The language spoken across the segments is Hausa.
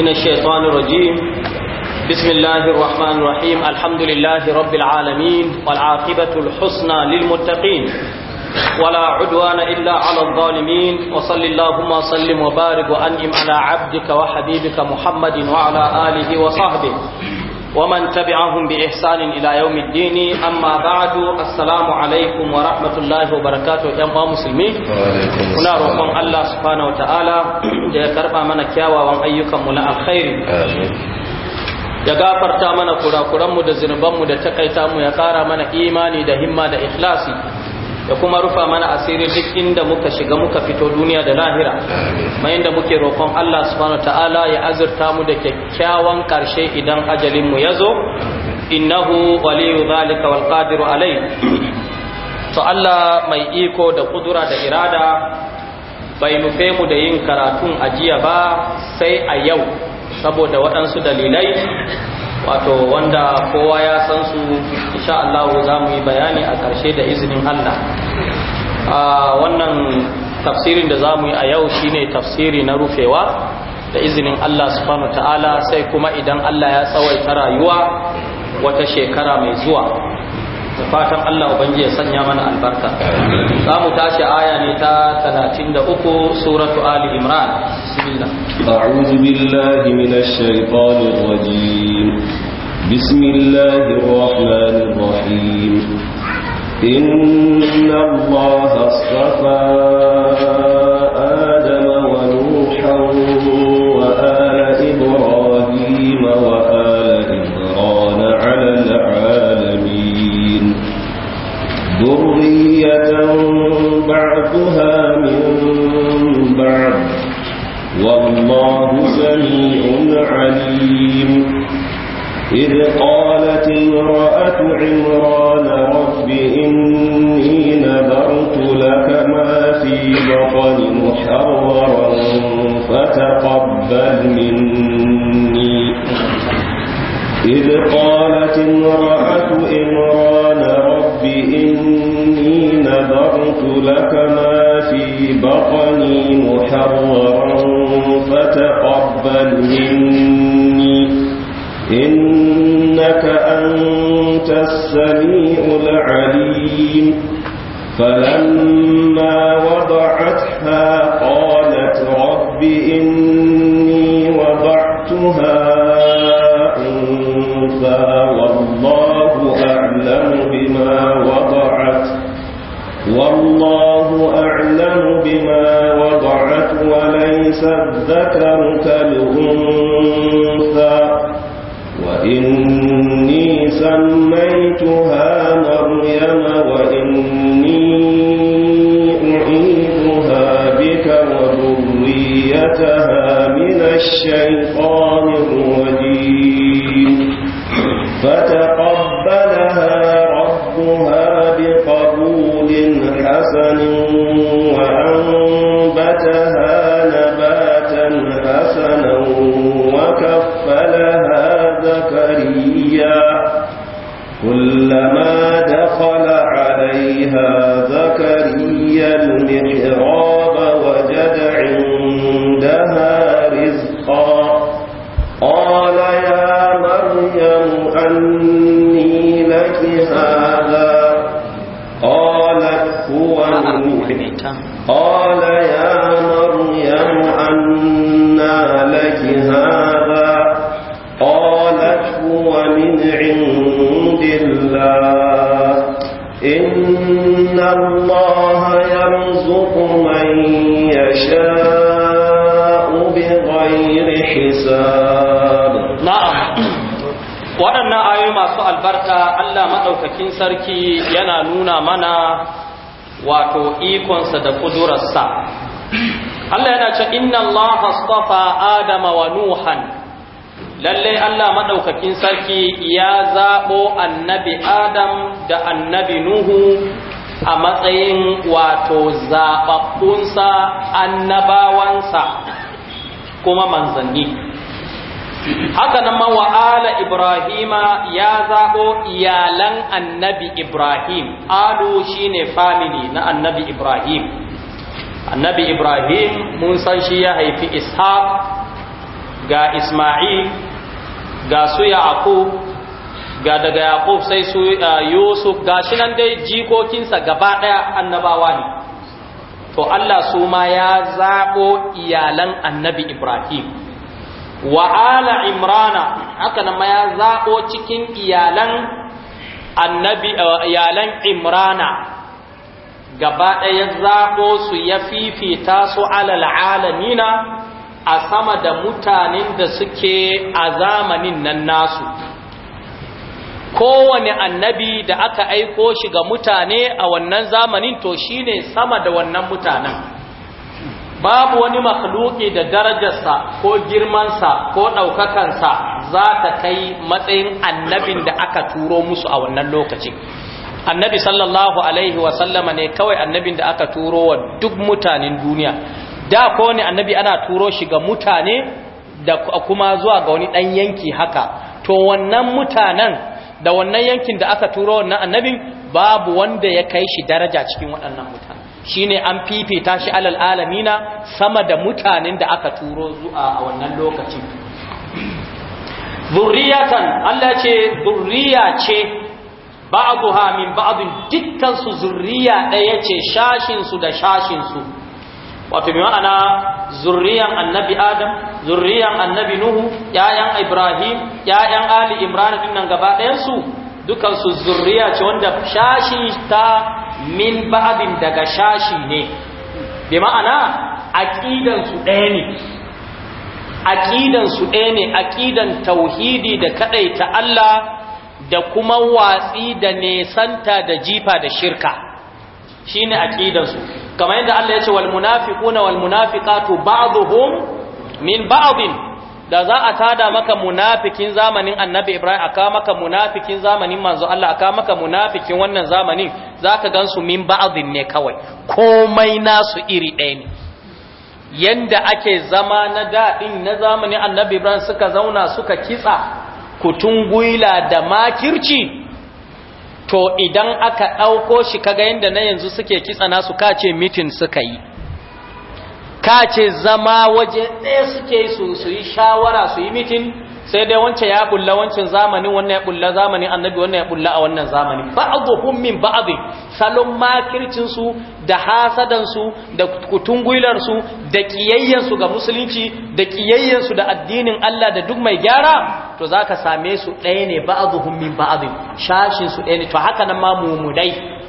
من الشيطان الرجيم بسم الله الرحمن الرحيم الحمد لله رب العالمين والعاقبة الحسنى للمتقين ولا عدوان إلا على الظالمين وصل اللهم وسلم وبارك وأنعم على عبدك وحبيبك محمد وعلى آله وصحبه ومن تبعهم بإحسان إلى يوم الدين أما بعد السلام عليكم ورحمة الله وبركاته يا مسلمين كنا رحمة الله سبحانه وتعالى يكرب من كياوا وان أيكم ملا الخير ya gafarta mana kurakuranmu da zunubanmu da takaita mu ya kara mana imani da himma da ikhlasi da kuma rufa mana asiri duk inda muka shiga muka fito duniya da lahira mai inda muke roƙon Allah subhanahu ta'ala ya azurta mu da kyakkyawan ƙarshe idan ajalin mu yazo innahu waliyu zalika wal qadiru alai to Allah mai iko da kudura da irada bai nufe mu da yin karatun ajiya ba sai a yau saboda waɗansu dalilai wato wanda kowa ya san su insha Allah za mu yi bayani a ƙarshe da izinin Allah wannan tafsirin da za mu yi a yau shine tafsiri na rufewa da izinin Allah subhanahu ta'ala sai kuma idan Allah ya tsawaita rayuwa wata shekara mai zuwa da fatan Allah ubangiji ya sanya mana albarka za mu tashi aya ne ta da uku, suratu ali imran bismillah a'udhu billahi minash shaitanir rajim bismillahir rahmanir rahim inna قال يا مريم أني لك هذا قالت هو من قال يا مريم أنا لك هذا قالت هو من عند الله إن الله يرزق من يشاء بغير حساب waɗannan ayoyi masu albarka Allah maɗaukakin sarki yana nuna mana wato ikonsa da kudurarsa Allah yana ce inna Allah astafa Adama wa Nuhan lalle Allah maɗaukakin sarki ya zaɓo annabi Adam da annabi Nuhu a matsayin wato zaɓaɓɓunsa annabawansa kuma manzanni haka nan wa ala ibrahima ya zaɓo iyalan annabi ibrahim alu shine family na annabi ibrahim annabi ibrahim mun san shi ya haifi ishaq ga isma'il ga su yaqub ga daga yaqub sai su uh, yusuf ga shi nan dai jikokinsa gaba ɗaya annabawa ne to allah su ma ya zaɓo iyalan annabi ibrahim wa ala imrana haka nan ya zaɓo cikin iyalan annabi eh, iyalan imrana gaba ɗaya zaɓo su ya fifita su alal alamina a sama da mutanen da suke a zamanin nan nasu kowane annabi da aka aiko shi ga mutane a wannan zamanin to shine sama da wannan mutanen babu wani makhluki da darajarsa ko girmansa ko ɗaukakansa za ta kai matsayin annabin da aka turo musu a wannan lokacin annabi sallallahu alaihi sallama ne kawai annabin da aka turo wa duk mutanen duniya da ko ne annabi ana turo shi ga mutane da kuma zuwa ga wani ɗan yanki haka to wannan mutanen da wannan yankin da aka turo wannan annabin babu wanda ya kai shi daraja cikin waɗannan mutane shine an fifita shi alal alamina sama da mutanen da aka turo zuwa a wannan lokacin zurriyatan Allah ce zurriya ce ba'dha min ba'din dukkan su zurriya daya ce shashin su da shashin su wato bi ma'ana zurriyan annabi adam zurriyan annabi nuhu yayan ibrahim yayan ali imran din nan gaba ɗayan su dukansu zurriya ce wanda shashi ta min ba'abin daga shashi ne bi ma'ana aƙidansu ɗaya ne aƙidansu ɗaya ne aƙidan tauhidi da ta Allah da kuma watsi da nesanta da jifa da shirka shi ne aƙidansu kamar yadda Allah ya ce wal munafiquna wal munafiqatu ba'dhum min ba'dhin da za a tada maka munafikin zamanin annabi ibrahim aka maka munafikin zamanin manzo Allah aka maka munafikin wannan zamanin zaka gansu min ba'dhin ne kawai komai nasu iri ɗaya ne yanda ake zama na daɗin na zamanin annabi ibrahim suka zauna suka kitsa kutun kutunguila da makirci to idan aka ɗauko shi kaga yanda na yanzu suke kitsa nasu kace mitin suka yi ka ce zama waje ɗaya suke su yi shawara su yi mitin sai dai wancan ya bulla wancan zamanin wannan ya bulla zamanin annabi wannan ya bulla a wannan zamanin ba'dhum min ba'd salon makircin da hasadan su da kutungular su da kiyayyen ga musulunci da kiyayyen da addinin Allah da duk mai gyara to zaka same su ɗaya ne ba'dhum min ba'd shashin su ɗaya ne to haka nan ma mumudai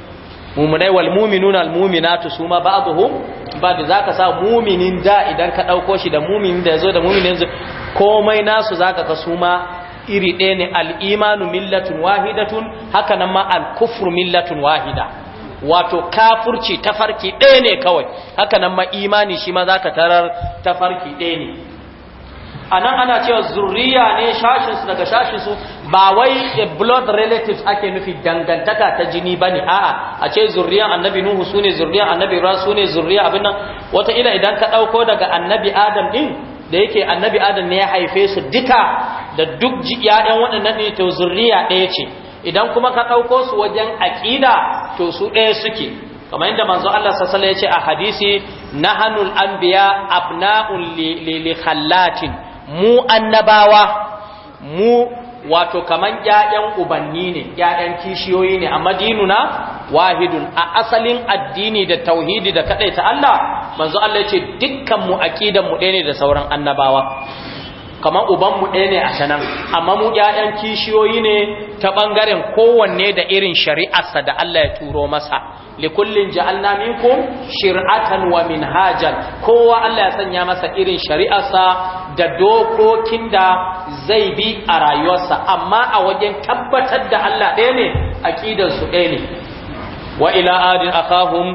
mumunai wal muminuna al muminatu suma ba'dhum ba'd zaka sa muminin da idan ka ɗauko shi da muminin da yazo da muminin yanzu komai nasu zaka ka suma iri ɗaya ne al imanu millatun wahidatun haka nan ma al kufru millatun wahida wato kafurci tafarki ɗaya ne kawai haka nan ma imani shi ma zaka tarar tafarki ɗaya ne anan ana cewa zuriya ne shashinsu daga shashinsu ba wai blood relatives ake nufi dangantaka ta jini ba ne. a'a a ce zuriyan annabi nuhu ne zuriyan annabi su ne zuriya abin nan wata idan ka ɗauko daga annabi adam ɗin da yake annabi adam ne ya haife su duka da duk ƴaƴan waɗannan ne to zuriya ɗaya ce idan kuma ka ɗauko su wajen aƙida to su ɗaya suke kamar yadda manzo Allah sassala ya ce a hadisi na hannun an biya abna'un li khallatin mu annabawa mu wato kaman ƴaƴan ubanni ne ƴaƴan kishiyoyi ne amma dinuna wahidun a asalin addini da tauhidi da ta Allah manzo Allah ya ce dukkan mu aqidan mu ɗaya ne da sauran annabawa kamar ubanmu ɗaya ne a sanan amma mu ƴaƴan kishiyoyi ne ta ɓangaren kowanne da irin shari'arsa da Allah ya turo masa likullin ja'alna minkum shir'atan wa minhajan kowa Allah ya sanya masa irin shari'arsa da dokokin da zai bi a rayuwarsa amma a wajen tabbatar da Allah ɗaya ne aqidar su ɗaya ne wa ila adin akahum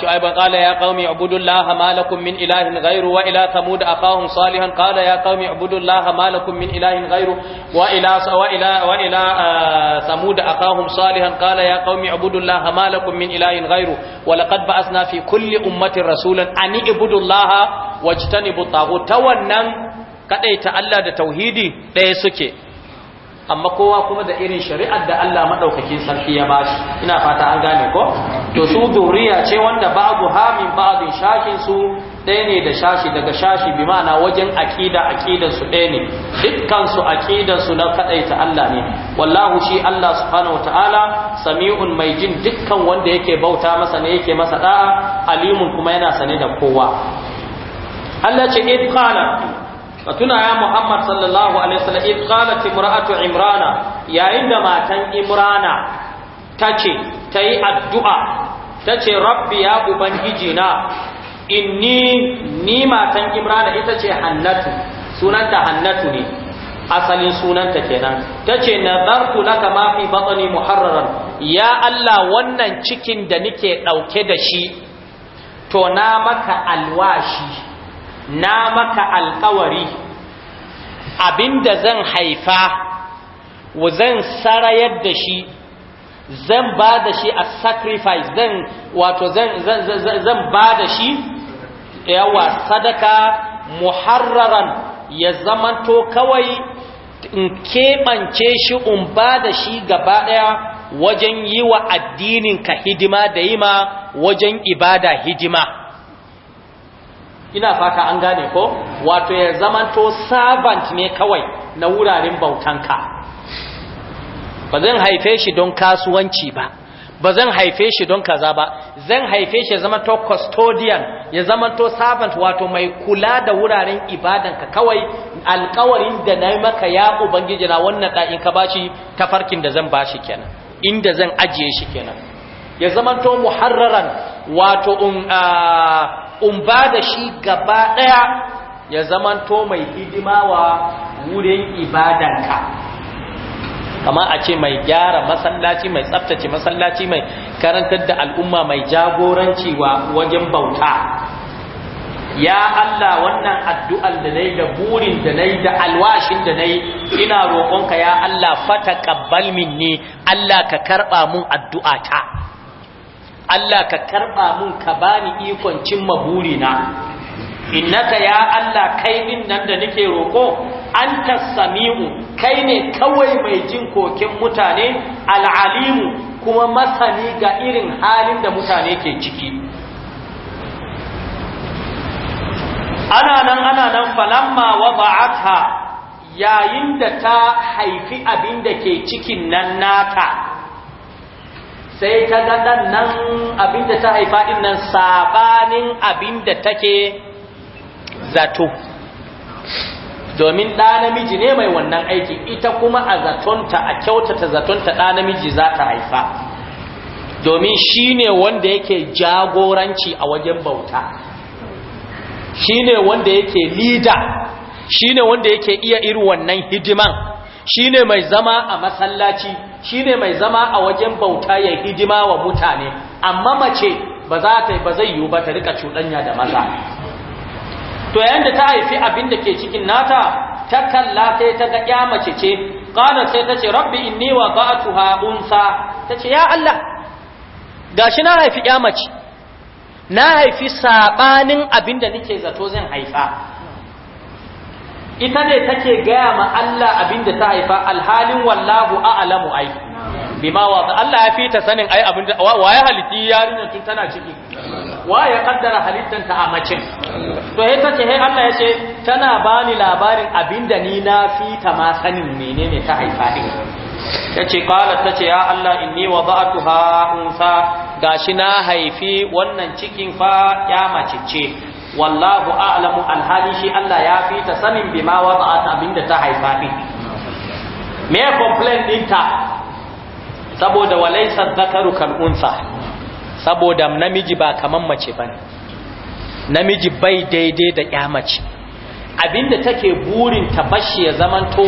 shu'aiban qala ya qaumi ibudullaha ma lakum min ilahin ghairu wa ila thamud akahum salihan qala ya qaumi ibudullaha ma lakum min ilahin ghairu wa ila wa ila wa ila thamud akahum salihan qala ya qaumi ma lakum min ilahin ghairu wa laqad ba'athna fi kulli ummatin rasulan an ibudullaha wajtanibu Ta wannan tawannan ta Allah da tauhidi ɗaya suke amma kowa kuma da irin shari'ar da Allah madaukakin sarki ya bashi ina fata an gane ko to su duriya ce wanda babu hamin ba'din shakin su ɗaya ne da shashi daga shashi bi ma'ana wajen aqida aqidan su ɗaya ne dukkan su aqidan su na kadaita Allah ne wallahu shi Allah subhanahu wataala sami'un mai jin dukkan wanda yake bauta masa ne yake masa da'a alimun kuma yana sane da kowa Allah ce id qala ka tuna ya Muhammad sallallahu alaihi wasallam id qalat imra'atu imrana yayin da matan imrana tace tayi addu'a tace rabbi ya ubangiji na inni ni matan imrana ita ce hannatu sunanta hannatu ne asalin sunanta kenan tace nazartu laka ma fi batni muharraran ya Allah wannan cikin da nake dauke da shi to na maka alwashi na maka alkawari abinda zan haifa wa zan sarayar da shi zan ba da shi a sacrifice zan wato zan ba da shi yawa sadaka muharraran ya zamanto kawai in keɓance shi in ba da shi gaba ɗaya wajen yi wa addininka hidima da yi ma wajen ibada hidima ina fata an gane ko wato ya zamanto servant ne kawai na wuraren bautanka ba zan haife shi don kasuwanci ba ba zan haife shi don kaza ba zan haife shi ya zamanto custodian ya zamanto servant wato mai kula da wuraren ibadanka kawai alkawarin da na maka ya ubangiji na wannan ɗa'in ka bashi tafarkin da zan bashi kenan inda zan ajiye shi kenan ya zamanto muharraran wato um, ah, umba da shi gaba ɗaya ya zamanto mai hidima wa wurin ibadanka kama a ce mai gyara masallaci mai tsaftace masallaci mai karantar da al'umma mai jagoranci wa wajen bauta ya Allah wannan addu'ar da na da burin da na da alwashin da na ina roƙonka ya Allah fata ƙabbal ne. Allah ka karɓa mun addu'ata Allah ka karɓa mun ka bani ikon cimma burina innaka ya Allah kai min nan da nake roko anta samiu kai ne kawai mai jin kokin mutane al'alimu kuma masani ga irin halin da mutane ke ciki ana nan ana nan falamma wada'atha yayin da ta haifi abin da ke cikin nan nata sai ta ga ɗan nan abinda ta haifa ɗin nan sabanin abinda take zato domin ɗa namiji ne mai wannan aiki ita kuma a zatonta a kyautata zatonta ɗa namiji za ta haifa domin shi ne wanda yake jagoranci a wajen bauta shi ne wanda yake lida shi ne wanda yake iya irin wannan hidiman Shi ne mai zama a masallaci ne mai zama a wajen bauta ya hidima wa mutane amma mace ba za ta ba zai yiwu ba ta rika cuɗanya da maza to yayin da ta haifi abin da ke cikin nata ta kalla sai ta ga ya mace ce qala sai ta ce rabbi inni wa tuha unsa ta ce ya Allah gashi na haifi ya mace na haifi sabanin abin da nake zato zan haifa ita ne take gaya ma Allah abin da ta haifa alhalin wallahu a'lamu ai bima wa Allah ya fita sanin ai wa ya haliti yarinyar tun tana ciki wa ya kaddara halittan ta a mace? to he tace he Allah ya ce tana bani labarin abin da ni na fita ma sanin menene ta haifa din yace qala tace ya Allah inni wada'tuha unsa gashi na haifi wannan cikin fa ya mace ce wallahu a'lamu alhali shi Allah ya fi ta sanin ma wada'at abinda ta haifa din me complain dinta? saboda walaysa dhakaru kal unsa saboda namiji ba kaman mace bane namiji bai daidai da ƴa mace abinda take burin ta bashi ya zamanto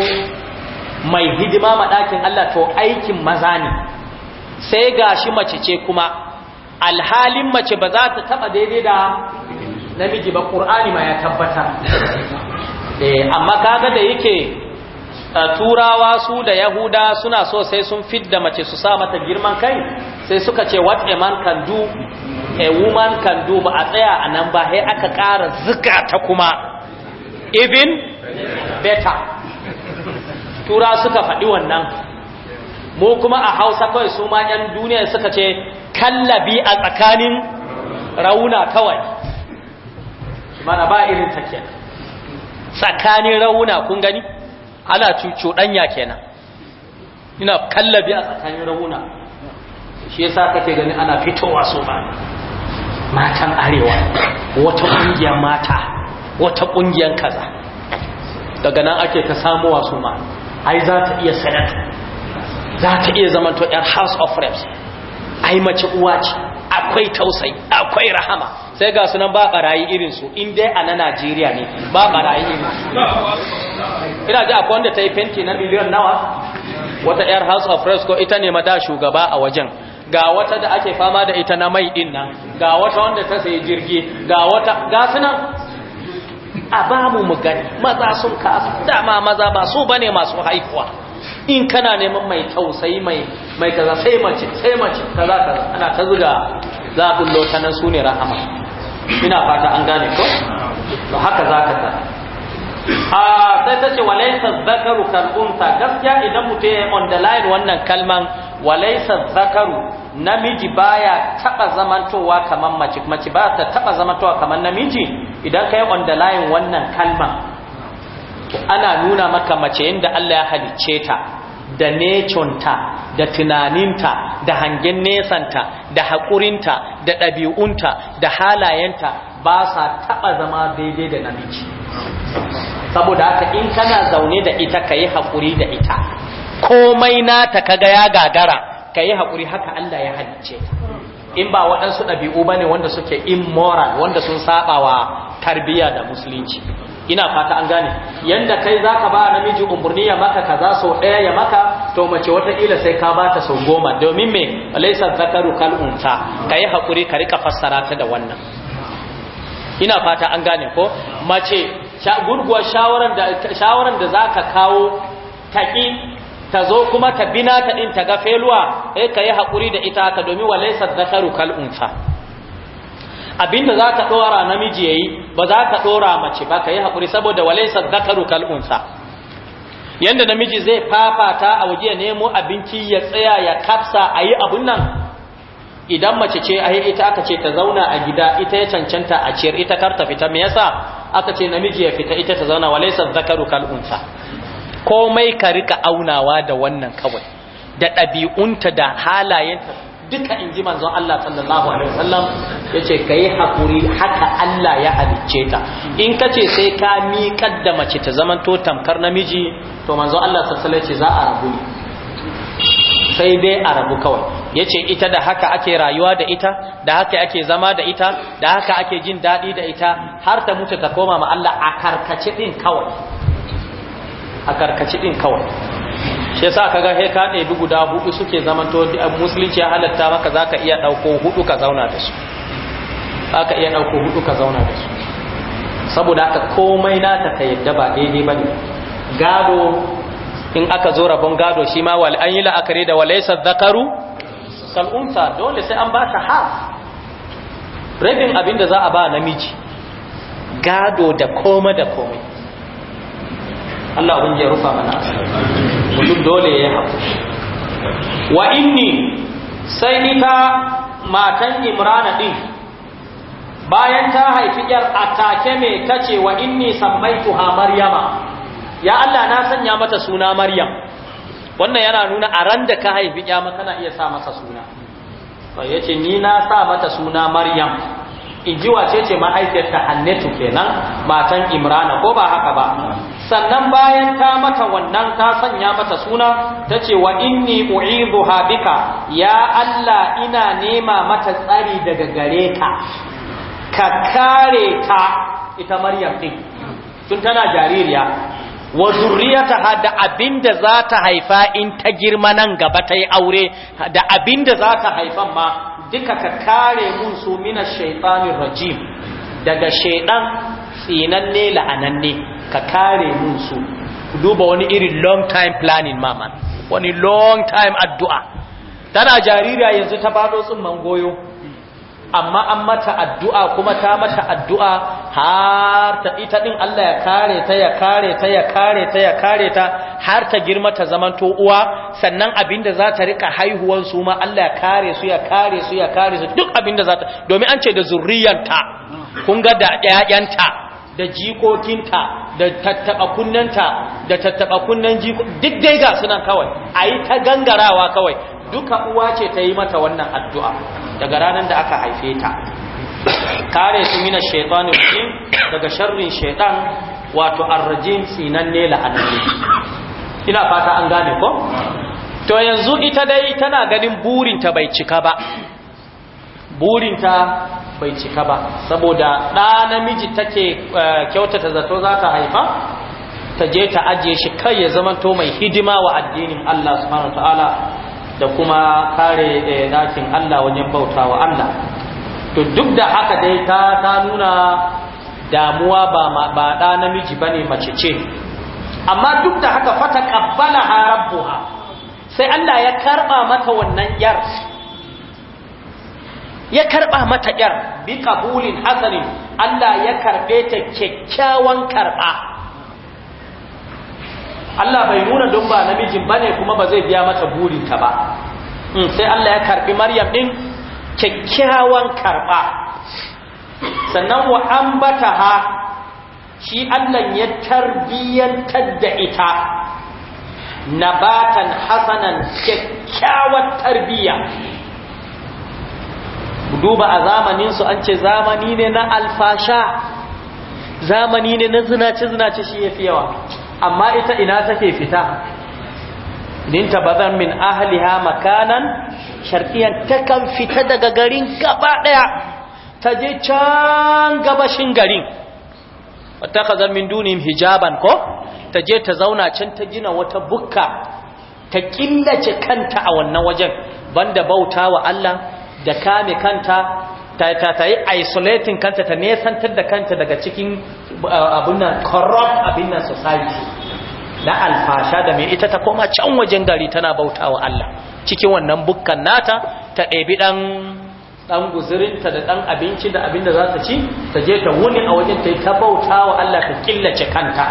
mai hidima ma ɗakin Allah to aikin maza ne sai gashi mace ce kuma alhalin mace ba za ta taba daidai da namiji ba ƙur'ani ma ya tabbata. Eh, amma kaga da yake turawa su da yahuda suna so sai sun fidda mace su sa mata girman kai sai suka ce what a man can do a woman can do ba a tsaya a nan ba sai aka ƙara zuka ta kuma even better tura suka faɗi wannan mu kuma a hausa kawai su ma duniya suka ce kallabi a tsakanin rauna kawai mana ba irin ta kenan tsakanin rauna kun gani ana danya kenan ina kallabi a tsakanin rauna shi yasa kake gani ana fitowa so ba matan arewa wata ƙungiyar mata wata ƙungiyar kaza daga nan ake ta samu wasu ma ai za ta iya sanata za ta iya zamanto yar house of reps ai mace uwa ce akwai tausayi akwai rahama sai ga sunan ba barayi irinsu in dai a na najeriya ne ba barayi irinsu ina ji akwai wanda ta yi fenti na miliyan nawa wata yar house of fresco ko ita ne mata shugaba a wajen ga wata da ake fama da ita na mai din nan ga wata wanda ta sayi jirgi ga wata ga sunan a ba mu gani maza sun kasu dama maza ba su bane masu haihuwa in kana neman mai tausayi mai mai kaza sai mace sai mace kaza kaza ana ta zuga za a bullo ta nan sune rahama ina fata an gane ko to haka za ka zara. a sai ta ce walaisa zakaru kan gaskiya idan mutum ya on the line wannan kalman walaisa zakaru namiji baya taba zamantowa kaman mace mace ba ta taba zamantowa kaman namiji idan kai on the line wannan kalman ana nuna maka mace yadda Allah ya halicce ta da neconta da tunaninta da hangen nesanta da haƙurinta da ɗabi'unta da halayenta ba sa taɓa zama daidai da namiji saboda haka in kana zaune da ita ka yi haƙuri da ita komai nata kaga ya gagara ka yi haƙuri haka Allah ya halicce in ba waɗansu ɗabi'u ba ne wanda suke immoral wanda sun saɓa wa tarbiyya da musulunci ina fata an gane yanda kai zaka ba namiji umarni ya maka kaza sau ɗaya ya maka to mace wataƙila sai ka ba ta sau goma domin me laisa zakaru kal unsa kai hakuri ka rika fassara ta da wannan ina fata an gane ko mace gurguwa shawaran da shawaran da zaka kawo taƙi ta zo kuma ta bina ta din ta ga feluwa eh kai hakuri da ita ka domin wa zakaru kal unsa abinda zaka dora namiji yayi ba za ka ɗora mace ba ka yi haƙuri saboda walaisa zakaru kal'unsa yadda namiji zai fafata a waje ya nemo abinci ya tsaya ya kafsa a yi abun nan idan mace ce a ita aka ce ta zauna a gida ita ya cancanta a ciyar ita kar ta fita me yasa aka ce namiji ya fita ita ta zauna walaisa zakaru kal'unsa komai ka rika aunawa da wannan kawai da ɗabi'unta da halayenta duka in ji manzon Allah sallallahu alaihi wasallam yace kai hakuri haka Allah ya halicce ta in kace sai ka mi da mace ta zaman to tamkar namiji to manzon Allah sallallahu alaihi wasallam yace za a rabu ne sai dai a rabu kawai yace ita da haka ake rayuwa da ita da haka ake zama da ita da haka ake jin daɗi da ita har ta mutu ta koma ma Allah a karkace din kawai a karkace din kawai shi yasa kaga he ka ɗebi guda hudu suke zaman zamanto musulunci ya halatta maka zaka iya ɗauko hudu ka zauna da su aka iya ɗauko hudu ka zauna da su saboda aka komai ta ka yadda ba daidai ba ne gado in aka zo rabon gado shi ma wal an yi la'akari da walaisa zakaru kal'unsa dole sai an ba ta ha. rabin abin da za a ba namiji gado da koma da komai Allah abin ya rufa mana asali mutum dole ya haƙuri wa inni sai nita matan imrana ɗin bayan ta haifi yar atake mai tace wa inni ha maryama ya Allah na sanya mata suna maryam wannan yana nuna a ran da ka haifi ƙyama kana iya sa masa suna ya yace ni na sa mata suna maryam in ji wace ce mahaifiyarta annatu kenan matan imrana ko ba haka ba sannan bayan ta mata wannan ta sanya mata suna ta ce wa inni u'idhuha Habika? ya Allah ina nema mata tsari daga gare ka ka kare ta ita Maryam din tun tana jaririya wa zurriyataha da abinda za ta haifa in ta girma nan gaba ta yi aure da abinda za ta haifan ma duka ka kare mun su mina shaitanir rajim daga shaidan tsinanne la'ananne ka kare musu su duba wani irin long time planning mama wani long time addu'a tana jaririya yanzu ta fado tsumman goyo amma an mata addu'a kuma ta mata addu'a har ta ita din Allah ya kare ta ya kare ta ya kare ta ya kare ta har ta girma ta zamanto uwa sannan abinda za ta rika haihuwan su ma Allah ya kare su ya kare su ya kare su duk abinda za ta domin an ce da zurriyanta kun ga da ƴaƴanta da jikokinta da tattaɓa kunnanta da tattaɓa kunnan jiko duk dai ga sunan kawai a yi ta gangarawa kawai duka uwa ce ta yi mata wannan addu'a daga ranar da aka haife ta kare su mina shaitanin rajim daga sharrin shaytan wato arrajim ne la'ananne ina fata an gane ko to yanzu ita dai tana ganin burinta bai cika ba burinta bai cika ba saboda ɗa namiji take eh, kyautata zato za ta haifa ta je ta ajiye shi kai ya zamanto mai hidima wa addinin Allah subhanahu ta'ala da kuma kare dakin eh, Allah wajen bauta wa Allah to duk da haka dai ta ta nuna damuwa ba ba ɗa namiji bane mace ce amma duk da haka fata qabbala rabbuha sai Allah ya karba mata wannan yar ya karɓa mata yar bi qabulin hasanin Allah ya karɓe ta kyakkyawan karɓa. Allah bai nuna don ba namijin bane kuma ba zai biya mata burinta ba hmm, sai Allah ya karɓi Maryam ɗin kyakkyawan karɓa. sannan wa ambataha shi Allah ya tarbiyantar da ita nabatan hasanan kyakkyawar tarbiyya duba a zamaninsu an ce zamani ne na alfasha zamani ne na zinace-zinace shi ya fi yawa amma ita ina take fita ninta bazan min ahliha makanan ta kan fita daga garin gaba daya ta je can gabashin garin wata min dunim hijaban ko ta je ta zauna can ta gina wata bukka ta killace kanta a wannan wajen banda bauta wa Allah da kame kanta ta ta yi isolating kanta ta nesantar da kanta daga cikin uh, abunan corrupt abinan society na alfasha da mai ita ta koma can wajen gari tana bauta wa Allah cikin wannan bukkan nata ta ɗebi ɗan ɗan guzurinta da ɗan abinci da abin da za ta ci ta je ta wuni a wajen ta yi ta bauta wa Allah ta killace kanta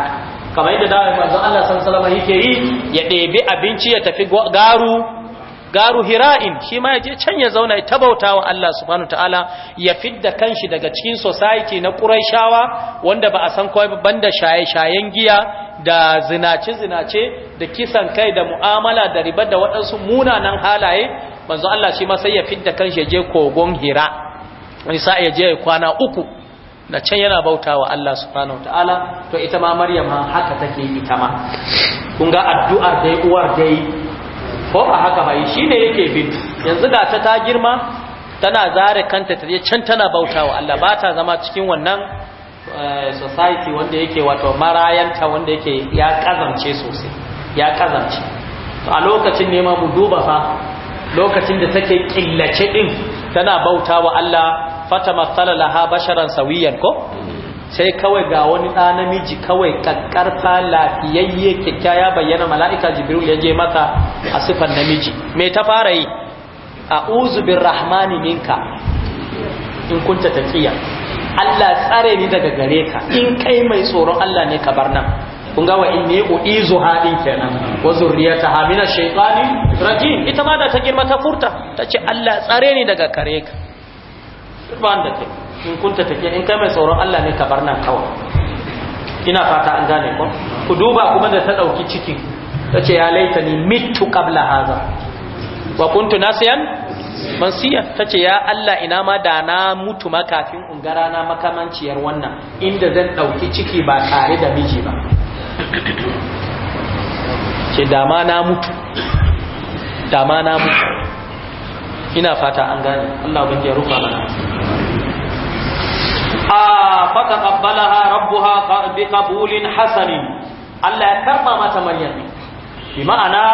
kamar yadda dawai manzon Allah sallallahu alaihi wasallam yake yi ya ɗebi abinci ya tafi garu garu hira'in shi ma yaje can ya zauna ya tabauta wa Allah subhanahu ta'ala ya fidda kanshi daga cikin society na Qurayshawa wanda ba a san kawai banda shaye-shayen giya da zinace-zinace da kisan kai da mu'amala da riba da waɗansu munanan halaye manzo Allah shi ma sai ya fidda kanshi ya je kogon hira wani sa'a ya je ya kwana uku na can yana bauta wa Allah subhanahu ta'ala to ita ma Maryam haka take ita ma kun ga addu'ar dai uwar dai ko a haka ba shi ne yake bin yanzu ga ta ta girma tana zare kanta ta je can tana bauta wa Allah ba ta zama cikin wannan eh, society wanda yake wato marayanta wanda yake ya kazance sosai ya kazance to a lokacin ne ma mu duba fa lokacin da take killace din tana bauta wa Allah fatama sallalaha basharan sawiyan ko sai kawai ga wani ɗa namiji kawai kakkarfa lafiyayye ya bayyana mala'ika jibril ya je mata a sifan namiji me ta fara yi a uzubin rahmani ninka in kunta tafiya Allah tsare ni daga gare ka in kai mai tsoron Allah ne ka bar nan kun gawa in ne ku uizu hadin kenan wa zurriyata ha mina shaytani rajim ita ma da ta girma ta furta tace Allah tsare ni daga kare ka ban da kai in kunta take in kai mai tsoron Allah ne ka bar nan kawai ina fata an gane ko ku duba kuma da ta dauki ciki tace ya ni mitu qabla hadha wa kuntu nasiyan mansiya tace ya Allah ina ma da na mutu ma kafin ungara na makamanciyar wannan inda zan dauki ciki ba tare da miji ba Ke dama na mutu dama na mutu ina fata an gane Allah bin ya rufa mana fataqabbalaha rabbuha biqabulin hasanin Allah ya karba mata Maryam bi ma'ana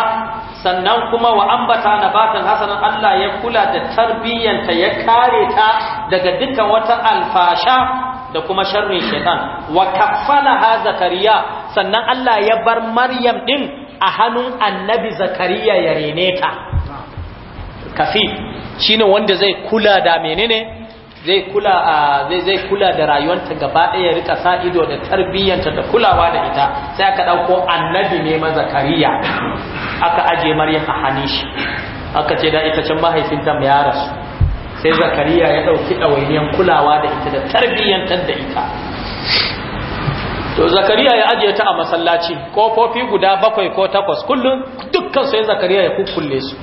sannan kuma wa ambata nabatan hasanan Allah ya kula da tarbiyyanta ya kare ta daga dukkan wata alfasha da kuma sharrin shaitan wa kaffalaha zakariya sannan Allah ya bar Maryam ɗin a hannun annabi zakariya ya rene ta kafi shine wanda zai kula da menene zai kula a zai zai kula da rayuwarta gaba ɗaya rika sa ido da tarbiyyanta da kulawa da ita sai aka ɗauko annabi ne ma Zakariya. aka aje maryam a hanishi shi aka ce da ita can mahaifinta ya rasu sai zakariya ya ɗauki ɗawainiyar kulawa da ita da tarbiyyantar da ita to zakariya ya ajiye ta a masallaci kofofi guda bakwai ko takwas kullum dukkan sai zakariya ya kukkulle su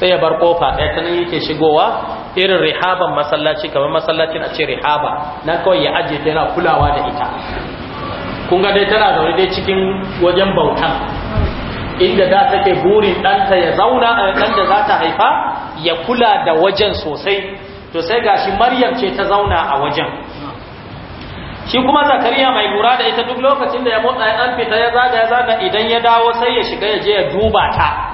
sai ya bar kofa ɗaya ta nan yake shigowa irin rihaban masallaci kamar masallacin a ce rihaba na kawai ya ajiye tana kulawa da ita kun ga dai tana zaune dai cikin wajen bautan inda da take burin ɗanta ya zauna a eh, ɗan da za ta haifa ya kula da wajen sosai to sai gashi maryam ce ta zauna a wajen shi kuma zakariya mai lura da ita duk lokacin da ya motsa ya dan fita ya zaga ya zaga idan ya dawo sai ya shiga ya je ya duba ta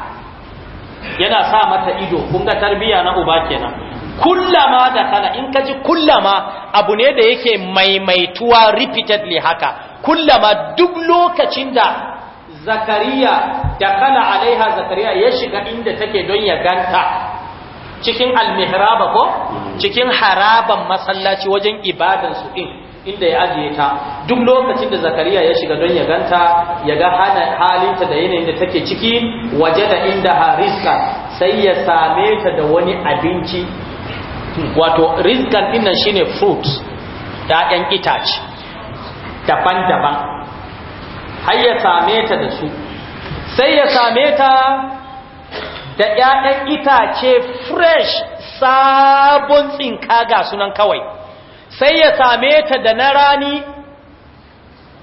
yana sa mata ido kun ga tarbiya na uba kenan kullama da kala in ka ji kullama abu ne da yake maimaituwa repeatedly haka kullama duk lokacin da zakariya da kana alaiha zakariya ya shiga inda take don ya ganta cikin almihraba ko cikin haraban masallaci wajen ibadansu din inda ya ajiye ta duk lokacin da zakariya ya shiga don ya ganta ya ga halinta da yanayin da take ciki waje da inda hariska sai ya same ta da wani abinci wato rizkan dinnan shine fruit ɗan itace daban-daban har ya same ta da su sai ya same ta da ‘ya'yan itace fresh sabon tsinka ga sunan kawai sai ya same ta da na rani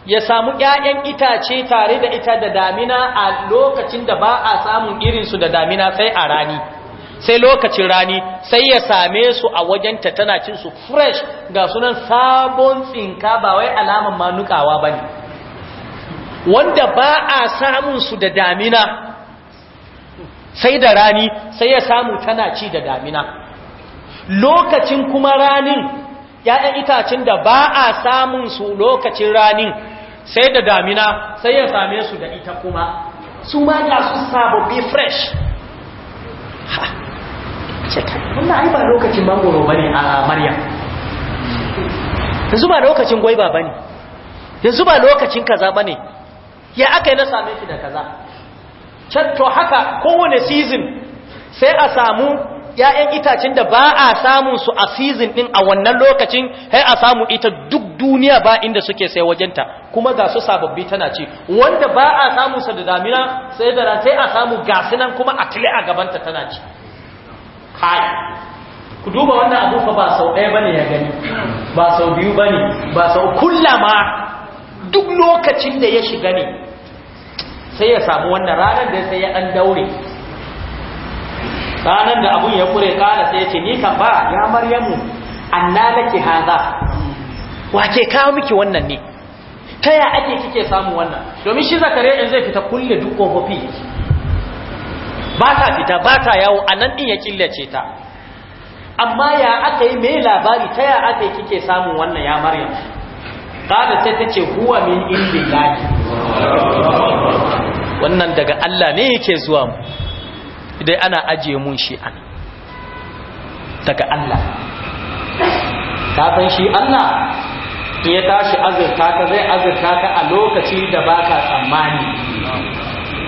ya samu ‘ya'yan itace tare da ita da damina a lokacin da ba a samun irinsu da damina sai a rani sai lokacin rani sai ya same su a wajenta tana cin su fresh ga sunan sabon tsinka ba wai alaman manukawa ba ne wanda ba a samun su da damina sai da rani sai ya samu tana ci da damina lokacin kuma ranin ‘ya'yan itacin da ba a samun su lokacin ranin sai da damina sai ya same su da ita kuma su ma ga su be fresh ha ai ba lokacin mangoro ba ne a maryam yanzu ba lokacin gwaiba ba ne yanzu ba lokacin kaza ba ne ya aka yi na same shi da kaza catto haka kowane season sai a samu ‘ya'yan itacin da ba a samun su a season ɗin a wannan lokacin hai a samu ita duk duniya ba inda suke sai wajenta kuma ga su sababbi tana ci wanda ba a samun sa da damina sai da sai a samu gasu kuma a tile a gabanta tana ci kai ku duba wannan abu fa ba sau ɗaya bane ya gani ba sau biyu bane ba sau kullama duk lokacin da ya shiga ne sai ya samu wannan ranar da sai ya ɗan daure ranar da abun ya kure kala sai ya ce ni kan ba ya maryamu anna laki hadha wace kawo miki wannan ne ta ya ake kike samu wannan domin shi zakare in zai fita kulle duk kofofi ba ta fita ba ta yawo a nan din ya killace ta amma ya aka yi mai labari ta ya aka yi kike samun wannan ya maryam kada ta ce huwa min gadi? wannan daga Allah ne yake zuwa mu idai ana ajiye mun shi an daga Allah ka san shi Allah in ya tashi azurta ka zai azurta ka a lokaci da baka tsammani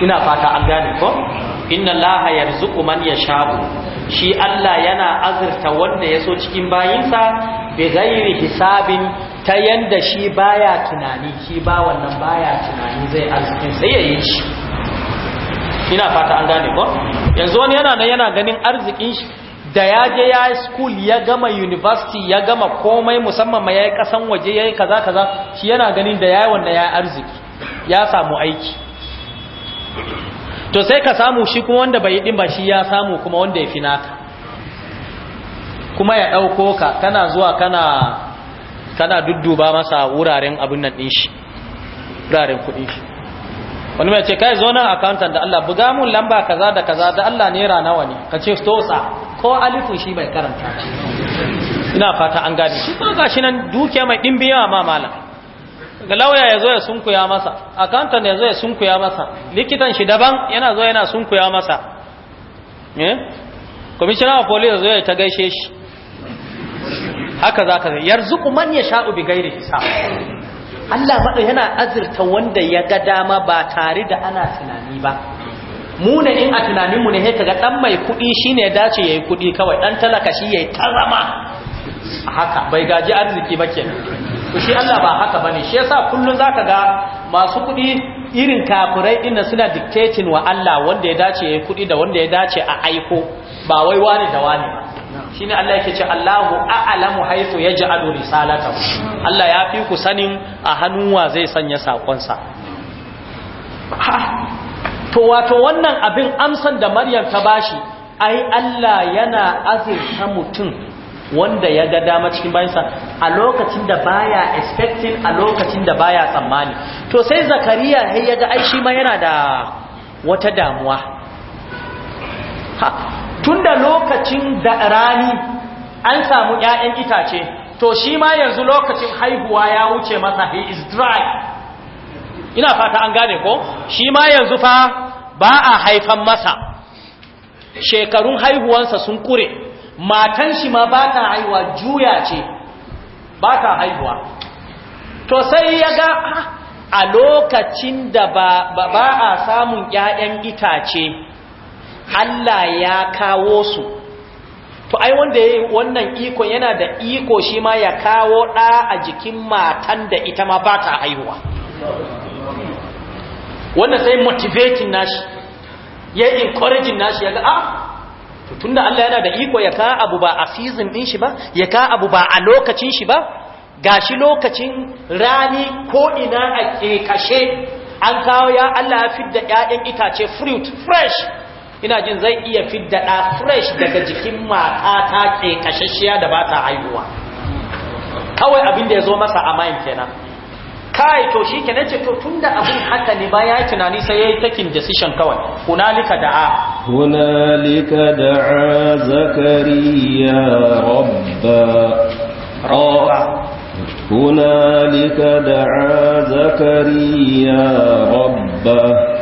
ina fata an gane ko inna Allah yarzuqu man yasha shi Allah yana azurta wanda ya so cikin bayinsa bi ghairi hisabin ta yanda shi baya tunani shi ba wannan baya tunani zai azurta sai shi ina fata an gane ko yanzu wani yana nan yana ganin arzikin shi da ya je ya school ya gama university ya gama komai musamman ma yayi kasan waje yayi kaza kaza shi yana ganin da yayi wanda yayi arziki ya samu aiki to sai ka samu shi kuma wanda bai din ba shi ya samu kuma wanda ya fi naka kuma ya ɗauko ka kana zuwa kana kana dudduba masa wuraren abin nan din shi wuraren kuɗin shi wani mai ce kai zo nan accountant da Allah buga mun lamba kaza da kaza da Allah nera nawa ne ka ce totsa ko alifu shi bai karanta ina fata an gani shi kuma gashi nan dukiya mai ɗin biya ma mala ga lauya ya zo ya sunkuya masa accountant ya zo ya sunkuya masa likitan shi daban yana zo yana sunkuya masa eh wa of police zo ya ta gaishe shi haka zaka yarzuku man ya sha'u bi gairi hisab Allah faɗo yana azurta wanda ya ga dama ba tare da ana tunani ba mu ne in a tunaninmu ne sai ga dan mai kuɗi shi ne dace yayi yi kuɗi kawai Dan talaka shi ya yi tarama haka bai gaji arziki ba ke to shi Allah ba haka ba shi yasa kullum zaka ga masu kuɗi irin kafirai ɗin suna dictating wa Allah wanda ya dace ya yi kuɗi da wanda ya dace a aiko ba wai wani da wani ba shine Allah yake ce Allahu a'lamu haythu yaj'alu risalatahu Allah ya fi ku sanin a hannun wa zai sanya sakonsa to wato wannan abin amsan da Maryam ta bashi ai Allah yana azurta mutum wanda ya ga dama cikin bayansa a lokacin da baya expecting a lokacin da baya tsammani to sai Zakariya sai ya ga ai shi ma yana da wata damuwa ha tunda lokacin da rani an samu ƴaƴan itace to shi ma yanzu lokacin haihuwa ya wuce masa he is dry ina fata an gane ko shi ma yanzu fa ba a haifan masa shekarun haihuwansa sun kure matan shi ma ba ta haihuwa juya ce ba ta haihuwa to sai ya ga ah, a lokacin da ba, ba a samun ‘ya'yan itace Allah ya kawo su to ai wanda yayi wannan iko yana da iko shi ma ya kawo ɗa a jikin matan da ita ma ba ta haihuwa wannan sai motivating nashi ya encouraging nashi ya ga a ah, tunda Allah yana da iko ya ka abu ba a season din shi ba ya ka abu ba a lokacin shi ba gashi lokacin rani ko ina a kekashe an kawo ya Allah ya fidda ƴaƴan itace fruit fresh ina jin zai iya fidda ɗa fresh daga jikin mata ta ke kashashiya da ba ta haihuwa kawai abin da ya zo masa a mayan kenan kai to shi kenan ce to tunda abin haka ne ba ya yi tunani sai ya yi takin decision kawai hunalika da'a hunalika da'a zakariya rabba rabba hunalika da'a zakariya rabba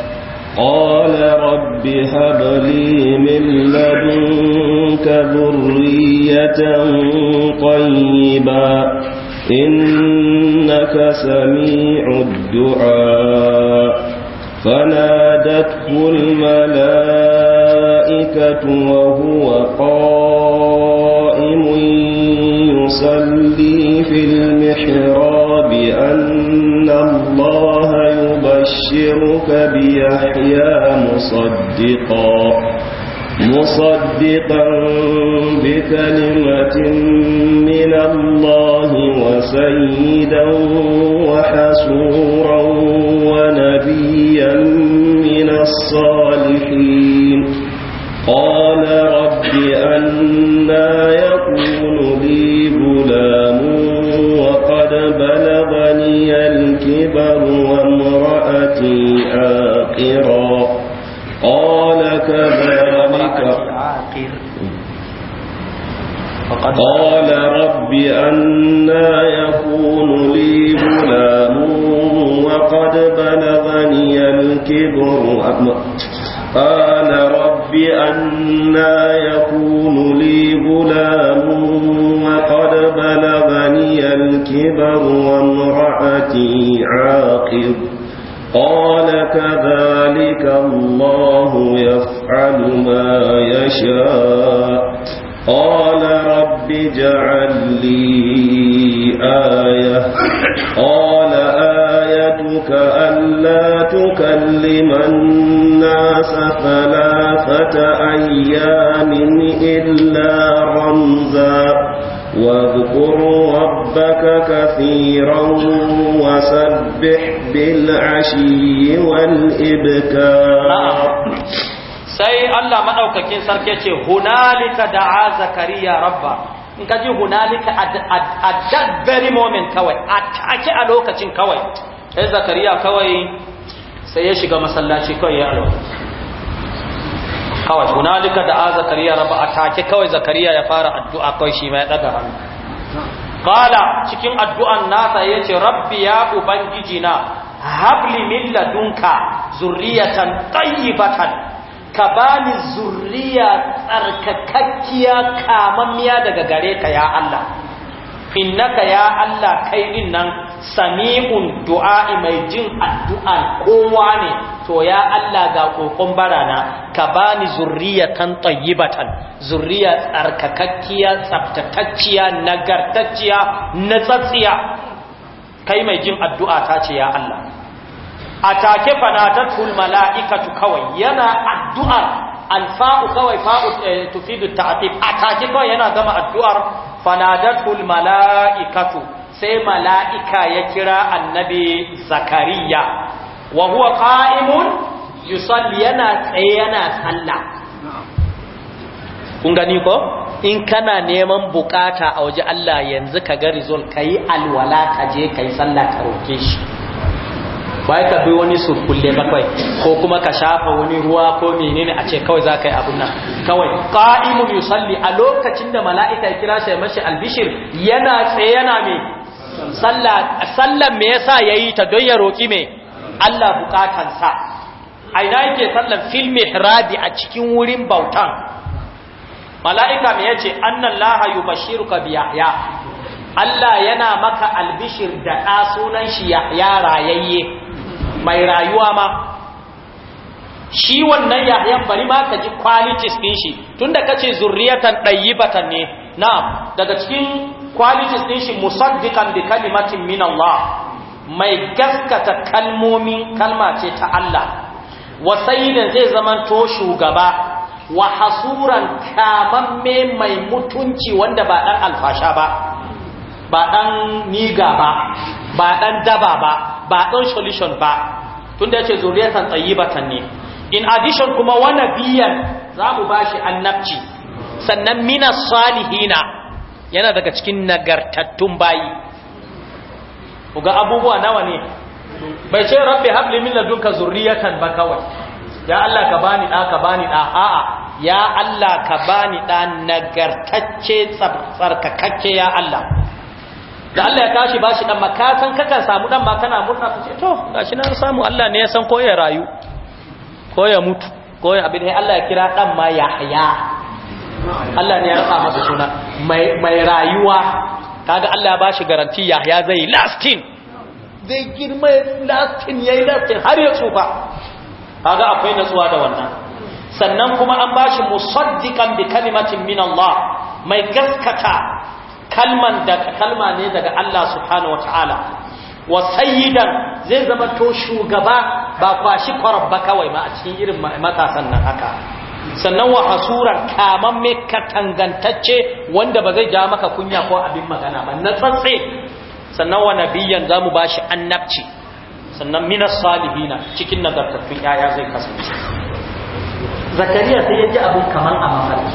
قال رب هب لي من لدنك ذرية طيبا إنك سميع الدعاء فنادته الملائكة وهو قائم يصلي في المحراب أن الله نبشرك بيحيى مصدقا مصدقا بكلمة من الله وسيدا وحسورا ونبيا من الصالحين قال رب أنا عاقرا قال كذلك قال رب أنا يكون لي غلام وقد بلغني الكبر قال رب أنا يكون لي غلام وقد بلغني الكبر وامرأتي عاقر قال كذلك الله يفعل ما يشاء قال رب اجعل لي آية قال آيتك ألا تكلم الناس ثلاثة أيام إلا رمزاً واذكر ربك كثيرا وسبح بالعشي والإبكار sai Allah madaukakin sarki ce hunalika da'a zakariya rabba in ka ji hunalika at that very moment kawai a take a lokacin kawai sai zakariya kawai sai ya shiga masallaci kawai ya alwala kawai hunalika da a zakariya raba a take kawai zakariya ya fara addu'a kawai shi mai daga hannu qala cikin addu'an nasa yace rabbi ya ubangiji na habli min ladunka zurriyatan tayyibatan ka bani zurriya tsarkakakkiya kamammiya daga gare ka ya Allah innaka ya Allah kai din nan sami'un du'a mai jin addu'an kowa ne to ya Allah ga kokon barana ka bani zurriyatan tayyibatan zurriya tsarkakakkiya tsaftatacciya nagartacciya natsatsiya kai mai jin addu'a ta ce ya Allah atake fanatatul mala'ikatu kawai yana addu'ar alfa'u kawai fa'u eh, tufidu ta'atif atake kawai yana gama addu'ar fanatatul mala'ikatu sai mala'ika ya kira annabi zakariya wa huwa qa'imun yusalli yana tsaye yana sallah kun gani ko in kana neman bukata a waje Allah yanzu ka ga result kai alwala ka je kai sallah ka roke shi bai ka bi wani surkulle ba ko kuma ka shafa wani ruwa ko menene a ce kawai za ka yi abun nan kawai qa'imun yusalli a lokacin da mala'ika ya kira shi mashi albishir yana tsaye yana me sallah sallan me yasa yayi ta don ya roki me Allah bukatansa a ina yake sallan filme rabi a cikin wurin bautan mala'ika me yace annan lahayu bashiru ka yahya Allah yana maka albishir da ɗa sunan shi ya rayayye mai rayuwa ma shi wannan yayan bari ma ka ji kwalitis ɗin shi tunda kace zurriyatan batan ne Na daga cikin kwalitis ɗin shi musaddiqan da kalimatin min Allah mai gaskata kalmomin kalma ce ta Allah wa sayyidan zai to shugaba wa hasuran kamamme mai mutunci wanda ba dan alfasha ba ba dan niga ba ba dan daba ba ba dan solution ba tunda yace zuriyatan tayyibatan ne in addition kuma wannan biyan za mu bashi annabci sannan minas salihina yana daga cikin nagartattun bayi ku ga abubuwa nawa ne bai ce rabbi habli min ladunka zurriyatan ba kawai ya Allah ka bani da ka bani da a'a ya Allah ka bani da nagartacce kake ya Allah da Allah ya tashi bashi dan makatan kakan samu dan ma kana murna ce to gashi na samu Allah ne ya san ko ya rayu ko ya mutu ko ya abin Allah ya kira dan ma Yahya Allah ne ya sa masa suna mai rayuwa kaga Allah ba shi garanti Yahya zai lasting zai girma lasting yayi lasting har ya tsufa kaga akwai natsuwa da wannan sannan kuma an ba shi musaddiqan bi kalimatin min Allah mai gaskata kalman daga kalma ne daga Allah subhanahu wataala wa sayyidan zai zama to shugaba ba kwashi kwarabba kawai ma a cikin irin matasan nan haka sannan wa hasuran kamamme katangantacce wanda ba zai ja maka kunya ko abin magana ba na tsantse sannan wa nabiyan za mu ba shi annabci sannan minas salihina cikin nagartattun yaya zai kasance zakariya sai ya ji abin kamar a mafarki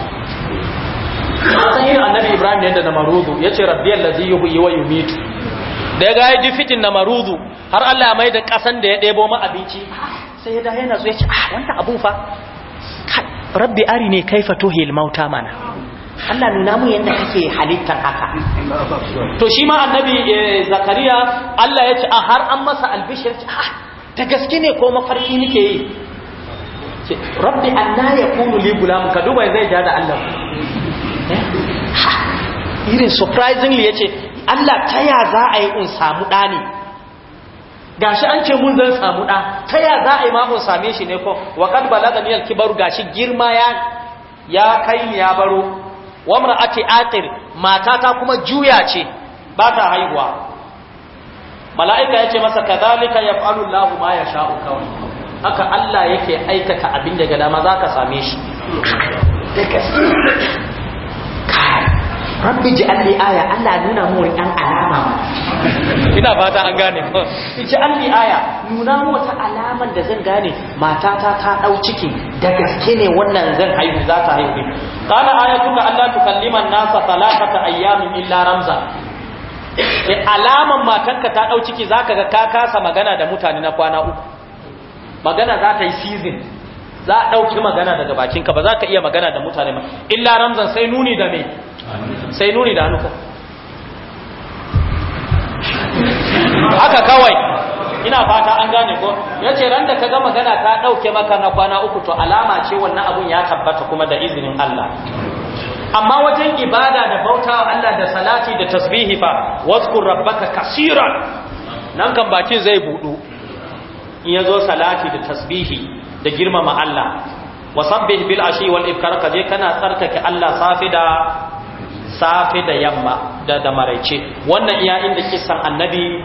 an yin annabi ibrahim yadda na marudu ya ce rabbiyar lazi yi wa yumitu da ya gaya jifitin na marudu har allah mai da kasan da ya ɗebo ma abinci sai ya da yana so ya ce ah wannan abun fa rabbi ari ne kaifa tuhil mauta mana Allah nuna mu yadda kake halittar haka to shi ma annabi eh, zakariya Allah ya ce a ah, har an masa albishir ta ah, gaske ne ko mafarki nake yi rabbi anna yakunu li gulam ka duba zai ja da Allah eh? irin surprisingly yace Allah ta ya za a yi in samu dani gashi an ce mun zan samu ɗa ta ya za a yi mahon same shi ne ko wa kad balaga min kibaru gashi girma ya ya kai ya baro wa mar'ati atir matata kuma juya ce ba ta haihuwa mala'ika ya ce masa ya yaf'alu Allahu ma yasha'u kawai haka Allah yake aikata abin da ga dama zaka same shi rabbi ji alli aya Allah nuna mu wani alama ina fata an gane ji alli aya nuna mu wata alaman da zan gane matata ta dau ciki da gaske ne wannan zan haihu za ta haihu kana ayatuka Allah tukallima an-nasa talaqata ayyamin illa ramza e eh, alaman matanka ta dau ciki zaka ga ka kasa magana da mutane na kwana uku magana za ta yi season za a ɗauki magana daga bakinka ba za ka iya magana da mutane ba illa ramzan sai nuni da me sai nuni da hannuka haka kawai ina fata an gane ko ya ran da ka ga magana ta ɗauke maka na kwana uku to alama ce wannan abun ya tabbata kuma da izinin Allah amma wajen ibada da bauta Allah da salati da tasbihi fa wazkur rabbaka kaseeran nan kan bakin zai budu in yazo salati da tasbihi da girmama Allah wasabbih bil ashi wal ifkar kaje kana tsarkake Allah safi da safi da yamma da da maraice wannan iya inda kissan annabi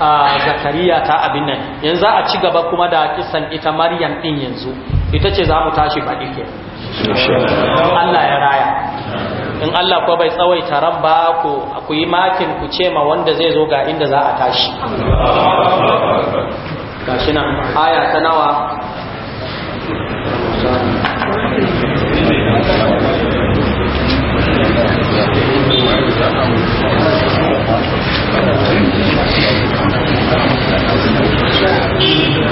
a zakariya ta abin nan yanzu a ci gaba kuma da kissan ita maryam din yanzu ita ce za mu tashi baɗi ke Allah ya raya in Allah ko bai tsawaita ran ba ku ku yi makin ku ce ma wanda zai zo ga inda za a tashi gashi nan aya ta nawa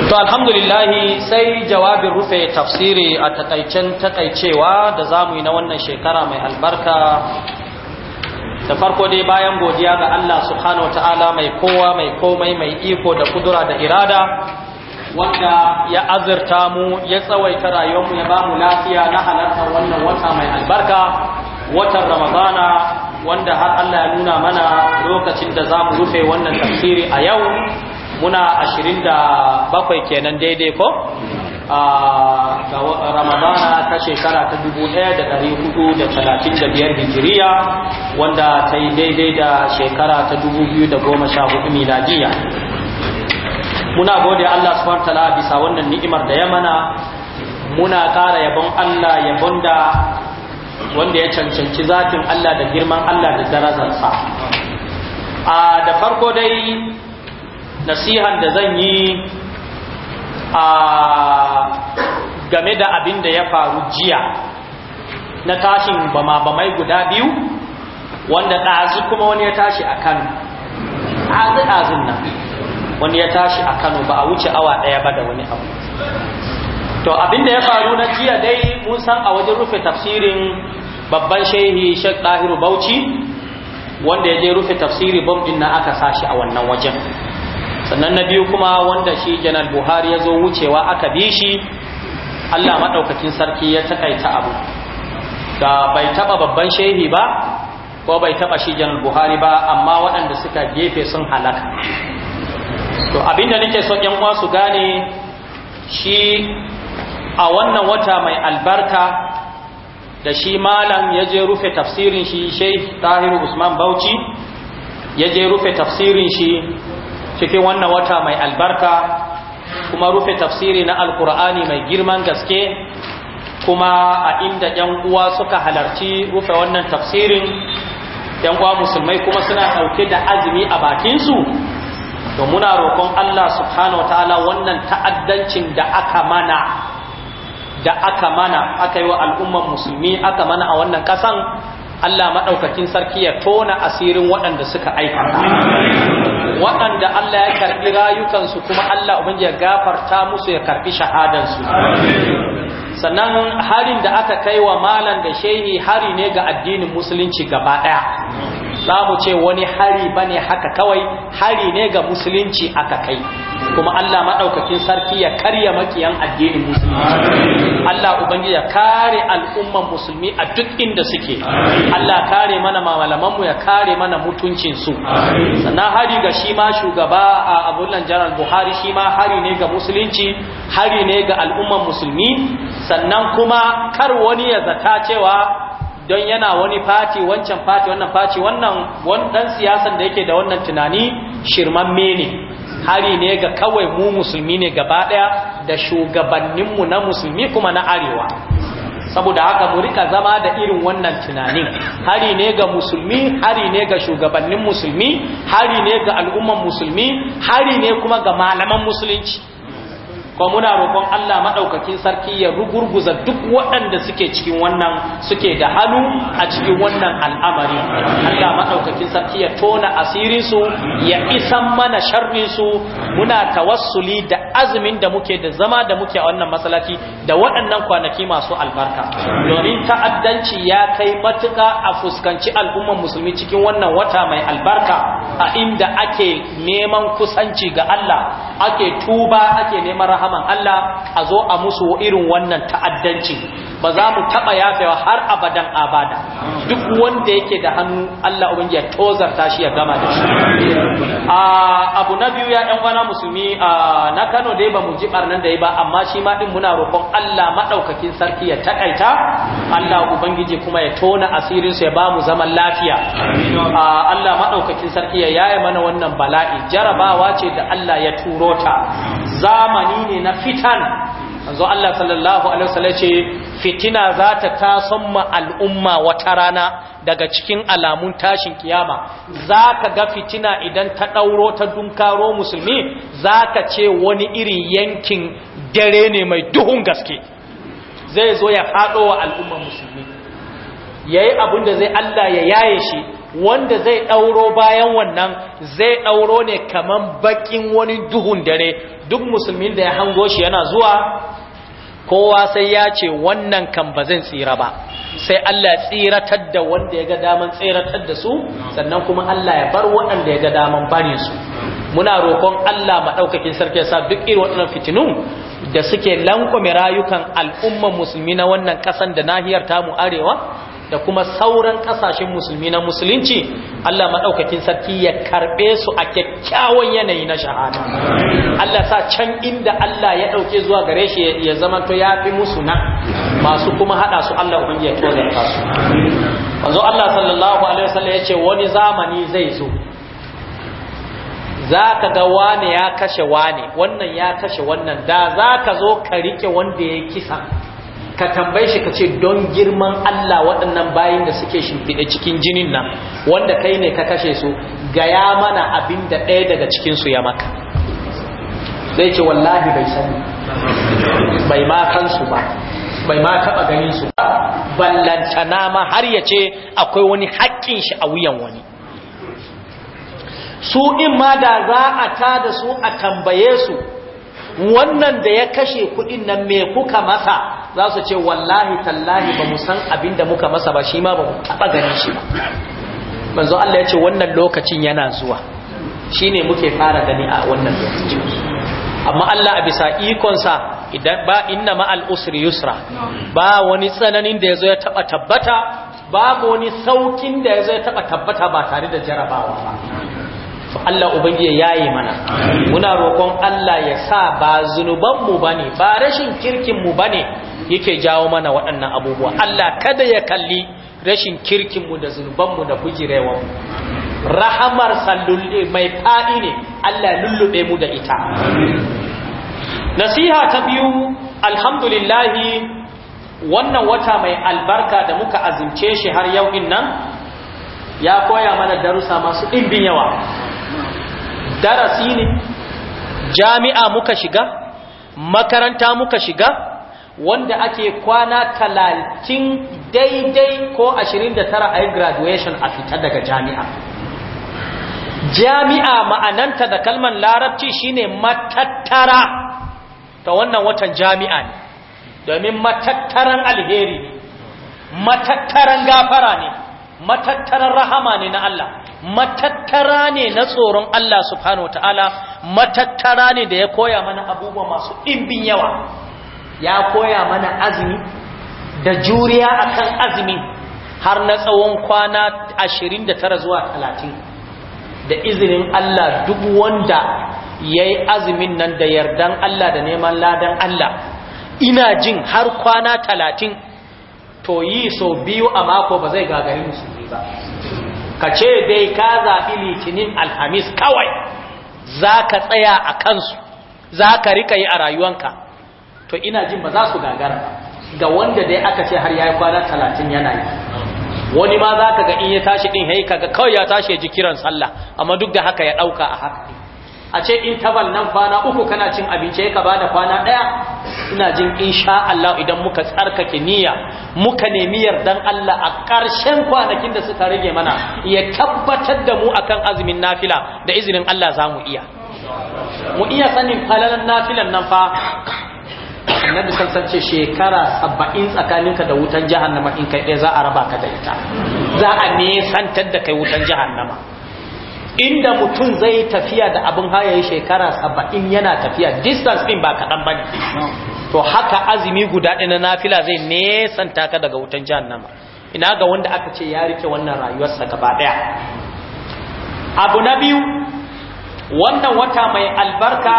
to alhamdulillahi sai jawabin rufe tafsiri a takaicen takaicewa da zamu yi na wannan shekara mai albarka da farko dai bayan godiya ga Allah subhanahu ta'ala mai kowa mai komai mai iko da kudura da irada wanda ya azurta mu ya tsawaita rayuwarmu ya ba mu lafiya na halartar wannan wata mai albarka watan ramadana wanda har Allah ya nuna mana lokacin da za mu rufe wannan tafsiri a yau muna ashirin kenan daidai ko a ramadana ta shekara ta dubu ɗaya hijiriya wanda ta yi daidai da shekara ta dubu biyu miladiya muna gode Allah subhanahu ta'ala bisa wannan ni'imar da ya mana muna kara yabon Allah yabon da wanda ya cancanci zafin Allah da girman Allah da darajarsa a da farko dai nasihan da zan yi a game da abin da ya faru jiya na tashin bama-bamai guda biyu wanda ɗazu kuma wani ya tashi a kano ɗazu-ɗazun nan wani ya tashi a kano ba a wuce awa ɗaya ba da wani abu to abin da ya faru na jiya dai mun san a wajen rufe tafsirin babban shehi Sheikh Tahiru Bauchi wanda ya je rufe tafsiri bom din na aka sashi a wannan wajen sannan na biyu kuma wanda shi Janar Buhari ya zo wucewa aka bi shi Allah madaukakin sarki ya takaita abu da bai taba babban shehi ba ko bai taba shi Janar Buhari ba amma waɗanda suka gefe sun halaka to abinda nake so yan uwa su gane shi a wannan wata mai albarka da shi malam ya je rufe tafsirin shi sheikh Tahir usman bauchi ya je rufe tafsirin shi cikin wannan wata mai albarka kuma rufe tafsiri na alkur'ani mai girman gaske kuma a inda yan uwa suka halarci rufe wannan tafsirin yan uwa musulmai kuma suna ɗauke da azumi a bakinsu to muna roƙon Allah subhanahu wataala wannan ta'addancin da aka mana da aka mana aka yi wa al'umman musulmi aka mana a wannan ƙasan Allah maɗaukakin sarki ya tona asirin waɗanda suka aika waɗanda Allah ya karɓi rayukansu kuma Allah ubangi ya gafarta musu ya karɓi shahadansu sannan harin da aka kai wa malan da shehi hari ne ga addinin musulunci gaba ɗaya za mu ce wani hari bane haka kawai hari ne ga musulunci aka kai kuma Allah maɗaukakin sarki ya karya makiyan addinin musulunci Allah ubangiji ya kare al'umman musulmi a duk inda suke Allah kare mana mu ya kare mana mutuncinsu sannan hari ga shi ma shugaba a abullan janar buhari shi ma hari ne ga musulunci hari ne ga al'umman musulmi sannan kuma kar wani ya zata cewa don yana wani fati wancan fati wannan fati wannan dan siyasan da yake da wannan tunani shirmamme ne hari ne ga kawai mu musulmi ne gaba daya da shugabanninmu na musulmi kuma na arewa saboda haka mu rika zama da irin wannan tunanin hari ne ga musulmi hari ne ga shugabannin musulmi hari ne ga al'umman musulmi hari ne kuma ga malaman musulunci ko muna roƙon Allah maɗaukakin sarki ya rugurguza duk waɗanda suke cikin wannan suke da hannu a cikin wannan al'amari Allah maɗaukakin sarki ya tona asirinsu, ya isan mana sharrinsu, muna tawassuli da da azumin da muke da zama da muke a wannan masalaci da waɗannan kwanaki masu albarka domin ta'addanci ya kai matuƙa a fuskanci al'umman musulmi cikin wannan wata mai albarka a inda ake neman kusanci ga Allah ake tuba ake neman rahaman Allah a zo a musu irin wannan ta'addanci ba za mu taɓa yafewa har abadan abada duk wanda yake da hannu Allah ubangi ya tozarta shi ya gama da shi abu na biyu ya ɗan wana musulmi na Kano dai ba mu ji barnan da yi ba amma shi ma din muna roƙon Allah maɗaukakin sarki ya takaita Allah ubangiji kuma ya tona asirin su ya ba mu zaman lafiya Allah madaukakin sarki ya yaye mana wannan bala'i jarabawa ce da Allah ya turo ta zamani ne na fitan manzo Allah sallallahu alaihi wasallam ce fitina za ta tason ma al'umma wata rana daga cikin alamun tashin kiyama za ka ga fitina idan ta ɗauro ta dunkaro musulmi za ka ce wani irin yankin dare ne mai duhun gaske zai zo ya faɗo wa al'umma musulmi ya yi abin da zai Allah ya yaye shi wanda zai ɗauro bayan wannan zai ɗauro ne kamar baƙin wani duhun dare duk musulmin da ya hango shi yana zuwa kowa sai ya ce wannan kan ba zan tsira ba sai Allah ya tsiratar da wanda ya ga daman tsiratar da su sannan kuma Allah ya bar waɗanda ya ga daman bane su muna roƙon Allah maɗaukakin sarki sa duk irin waɗannan fitinun da suke lankwame rayukan al'umman musulmi na wannan ƙasan da nahiyar tamu arewa da kuma sauran kasashen musulmi na musulunci Allah maɗaukakin sarki ya karɓe su a kyakkyawan yanayi na shahada Allah sa can inda Allah ya ɗauke zuwa gare shi ya zama to ya fi musu na, masu kuma haɗa su Allah ubangi ya tozarta su wanzu Allah sallallahu alaihi wasallam ya ce wani zamani zai zo za ka ga wane ya kashe wane wannan ya kashe wannan da za ka zo ka rike wanda ya kisa ka tambaye shi ka ce don girman Allah waɗannan bayin da suke shimfiɗe cikin jinin nan wanda kai ne ka kashe su gaya mana abin da ɗaya daga cikinsu ya maka zai ce wallahi bai sani bai ma kansu ba bai ma taɓa ganinsu su ba ballantana ma har ya ce akwai wani haƙƙin shi a wuyan wani su in ma da za a ta da su a tambaye su wannan da ya kashe kuɗin nan me kuka masa za su ce wallahi tallahi ba mu san abin da muka masa ba shi ma ba taɓa ganin shi ba manzo Allah ya ce wannan lokacin yana zuwa shine muke fara gani a wannan lokacin amma Allah a bisa ikonsa idan ba inna ma al-usri yusra ba wani tsananin da yazo ya taba tabbata ba wani saukin da yazo ya taba tabbata ba tare da jarabawa ba Allah ubangiji ya yaye mana muna roƙon Allah ya sa ba zunuban mu bane ba rashin kirkin mu bane yake jawo mana waɗannan abubuwa Allah kada ya kalli rashin kirkin mu da zunuban mu da bujirewan mu rahamar sallulle mai fa’i ne Allah lullube mu da ita nasiha ta biyu alhamdulillahi wannan wata mai albarka da muka azumce shi har yau din nan ya koya mana darussa masu ɗimbin yawa darasi ne jami'a muka shiga makaranta muka shiga wanda ake kwana talatin daidai ko ashirin da tara a yi graduation a fita daga jami'a jami'a ma'ananta da kalman larabci shine matattara ta wannan watan jami'a ne domin matattaran alheri ne matattaran gafara ne matattaran rahama ne na Allah matattara ne na tsoron Allah subhanahu wa ta'ala matattara ne da ya koya mana abubuwa masu ɗimbin yawa ya koya mana azumi da juriya akan azumi har na tsawon kwana 29 zuwa 30 da izinin Allah duk wanda ya yi azumin nan da yardan Allah da neman ladan Allah ina jin har kwana 30 to yi sau biyu a mako ba zai gagari musulmi ba ka ce dai ka zaɓi litinin alhamis kawai za ka tsaya a kansu za ka rika yi a rayuwanka to ina jin ba za su gagara ga wanda dai aka ce har ya yi kwana talatin yana yi wani ma za ka ga in ya tashi ɗin haika ga kawai ya tashi ya ji kiran sallah amma duk da haka ya ɗauka a haka a ce interval nan kwana uku kana cin abinci ya ba da kwana ɗaya ina jin insha Allah idan muka tsarkake niyya muka nemi yardan Allah a ƙarshen kwanakin da suka rage mana ya tabbatar da mu akan azumin nafila da izinin Allah za mu iya mu iya sanin falalan nafilan nan fa annabi sallallahu ce shekara 70 tsakaninka da wutan jahannama in kai za a raba ka da ita za a nesantar da kai wutan jahannama inda mutum zai tafiya da abin hayayi shekara saba'in yana tafiya distance din ba kaɗan ba to haka azumi guda ɗaya na nafila zai nesanta ka daga wutan nama. ina ga wanda aka ce ya rike wannan rayuwarsa gaba ɗaya abu na biyu wannan wata mai albarka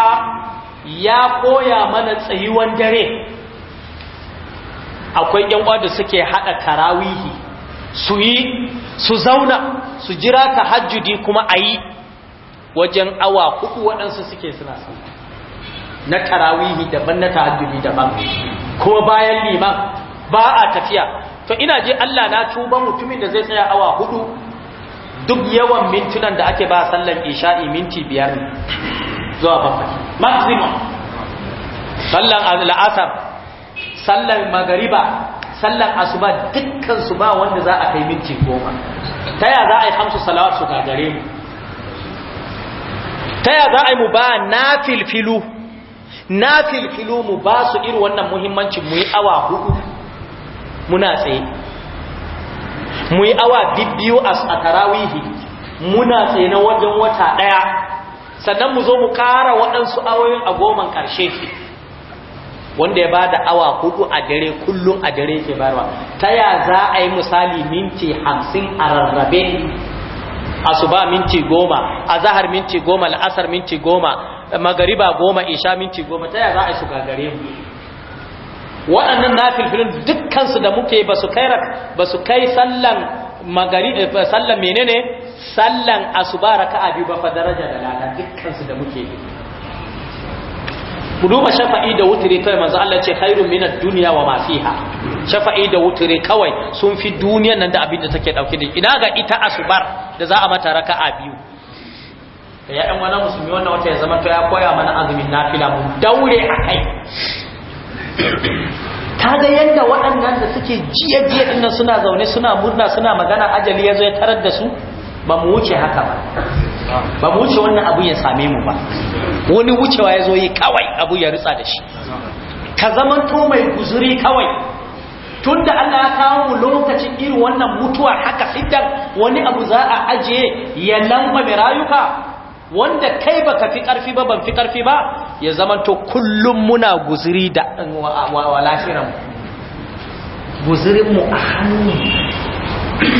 ya koya mana tsayuwan dare akwai yan da suke haɗa karawihi su yi su zauna su jira hajjudi kuma a yi wajen awa hudu waɗansu suke suna sallah na tarawihi daban na hajjudi daban ko bayan liman ba a tafiya to ina je Allah na tuba mutumin da zai tsaya awa hudu duk yawan mintunan da ake ba sallan isha'i minti biyar ne zuwa bakwai maximum sallan al'asar sallan magariba sallar asuba dukkan su ba wanda za a kai minti goma ta ya za a yi hamsu salawar su gagare mu ta ya za a yi mu ba na filfilu na filfilu mu ba su iri wannan muhimmancin mu yi awa hudu muna tsaye mu yi awa bibbiyu a tarawihi muna tsaye na wajen wata daya sannan mu zo mu kara waɗansu awoyin a goma ƙarshe wanda ya ba da awa hudu a dare kullum a dare ke barwa ta ya za a yi misali minti hamsin a rarrabe a su ba minti goma a zahar minti goma la'asar minti goma magariba goma isha minti goma ta ya za a yi su gagare mu waɗannan nafilfilin dukkansu da muke ba su kai ba su kai sallan magari eh, sallan menene sallan asuba raka'a biyu ba fa daraja da lada dukkansu da muke yi ku duba shafa'i da wuture kai manzo Allah ce khairun minad dunya wa ma fiha shafa'i da wuture kawai sun fi duniyar nan da abin da take dauke da ina ga ita asubar da za a mata raka a biyu ya ɗan wani musulmi wannan wata ya zama to ya koya mana azumin nafila mu daure a kai ga yadda waɗannan da suke jiya jiya ɗin suna zaune suna murna suna magana ajali ya zo ya tarar da su ba mu wuce haka ba ba mu wuce wannan abu ya same mu ba wani wucewa ya zo yi kawai abu ya ritsa da shi ka zaman to mai guzuri kawai tunda Allah ya kawo mu lokacin irin wannan mutuwa haka fitar wani abu za a ajiye ya lamba mai rayuka wanda kai baka fi karfi ba ban fi karfi ba ya zaman to kullum muna guzuri da walahiran guzurin mu a hannu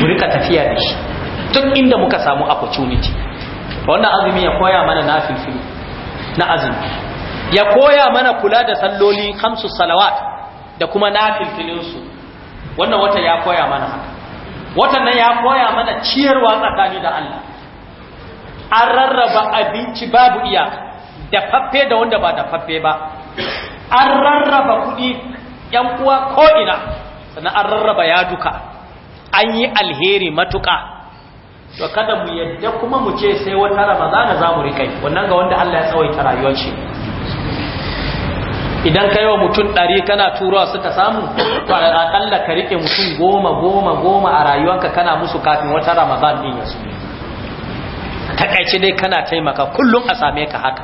mu rika tafiya da shi tun inda muka samu opportunity wannan azumi ya koya mana nafifi na azumi ya koya mana kula da salloli kamsu salawat da kuma su. wannan wata ya koya mana haka watan nan ya koya mana ciyarwa tsakani da Allah an rarraba abinci babu iya. da faffe da wanda ba da faffe ba an rarraba kuɗi ‘yan uwa ko'ina sannan an rarraba ya duka an yi alheri matuka. to kada mu yadda kuma mu ce sai wata ramadana za mu rikai wannan ga wanda Allah ya tsawaita rayuwar shi idan ka wa mutum ɗari kana turuwa suka samu to aƙalla ka rike mutum goma goma goma a rayuwarka kana musu kafin wata ramazan din ya takaice dai kana taimaka kullum a same ka haka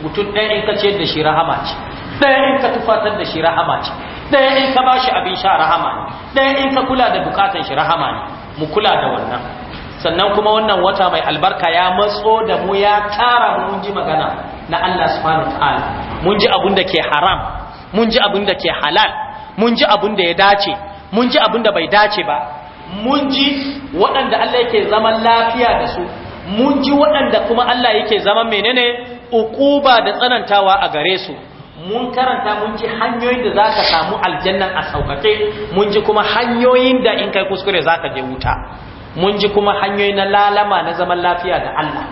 mutum ɗaya in ka ce da shi rahama ce ɗaya in ka tufatar da shi rahama ce ɗaya in ka ba shi abin sha rahama ne ɗaya in ka kula da bukatan shi rahama ne mu kula da wannan sannan kuma wannan wata mai albarka ya matso da mu ya tara mun ji magana na Allah subhanahu wataala mun ji abin da ke haram mun ji abin da ke halal mun ji abin da ya dace mun ji abin da bai dace ba mun ji waɗanda Allah yake zaman lafiya da su mun ji waɗanda kuma Allah yake zaman menene uquba da tsanantawa a gare su mun karanta mun ji hanyoyin da zaka samu aljannan a saukake mun ji kuma hanyoyin da in kai kuskure zaka je wuta mun ji kuma hanyoyi na lalama na zaman lafiya da Allah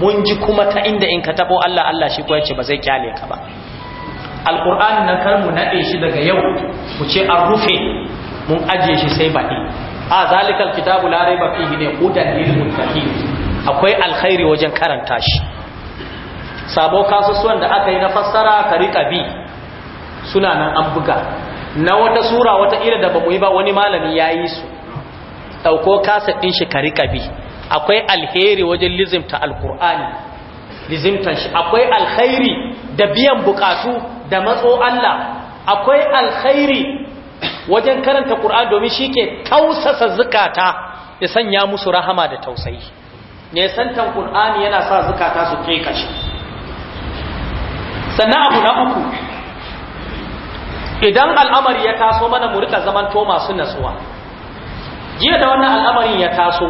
mun ji kuma ta inda in ka tabo Allah Allah shi ko yace ba zai kyale ka ba alqur'an nan kar mu nade shi daga yau mu ce an rufe mun aje shi sai baɗi a zalikal kitabu la raiba fihi ne hudan lil muttaqin akwai alkhairi wajen karanta shi sabo kasusuwan da aka yi na fassara ka rika bi suna nan an buga na wata sura wata ila da mu yi ba wani malami yayi su ɗauko kasa ɗin shi ka riƙa akwai alheri wajen lizimta alkur'ani lizimtan shi akwai alkhairi da biyan bukatu da matso Allah akwai alkhairi wajen karanta ƙur'ani domin shi ke tausasa zukata ya sanya musu rahama da tausayi Ne santan ƙur'ani yana sa zukata su kekashi sannan abu na uku idan al'amari ya taso mana mu rika zamanto masu natsuwa jiya da wannan al'amarin ya taso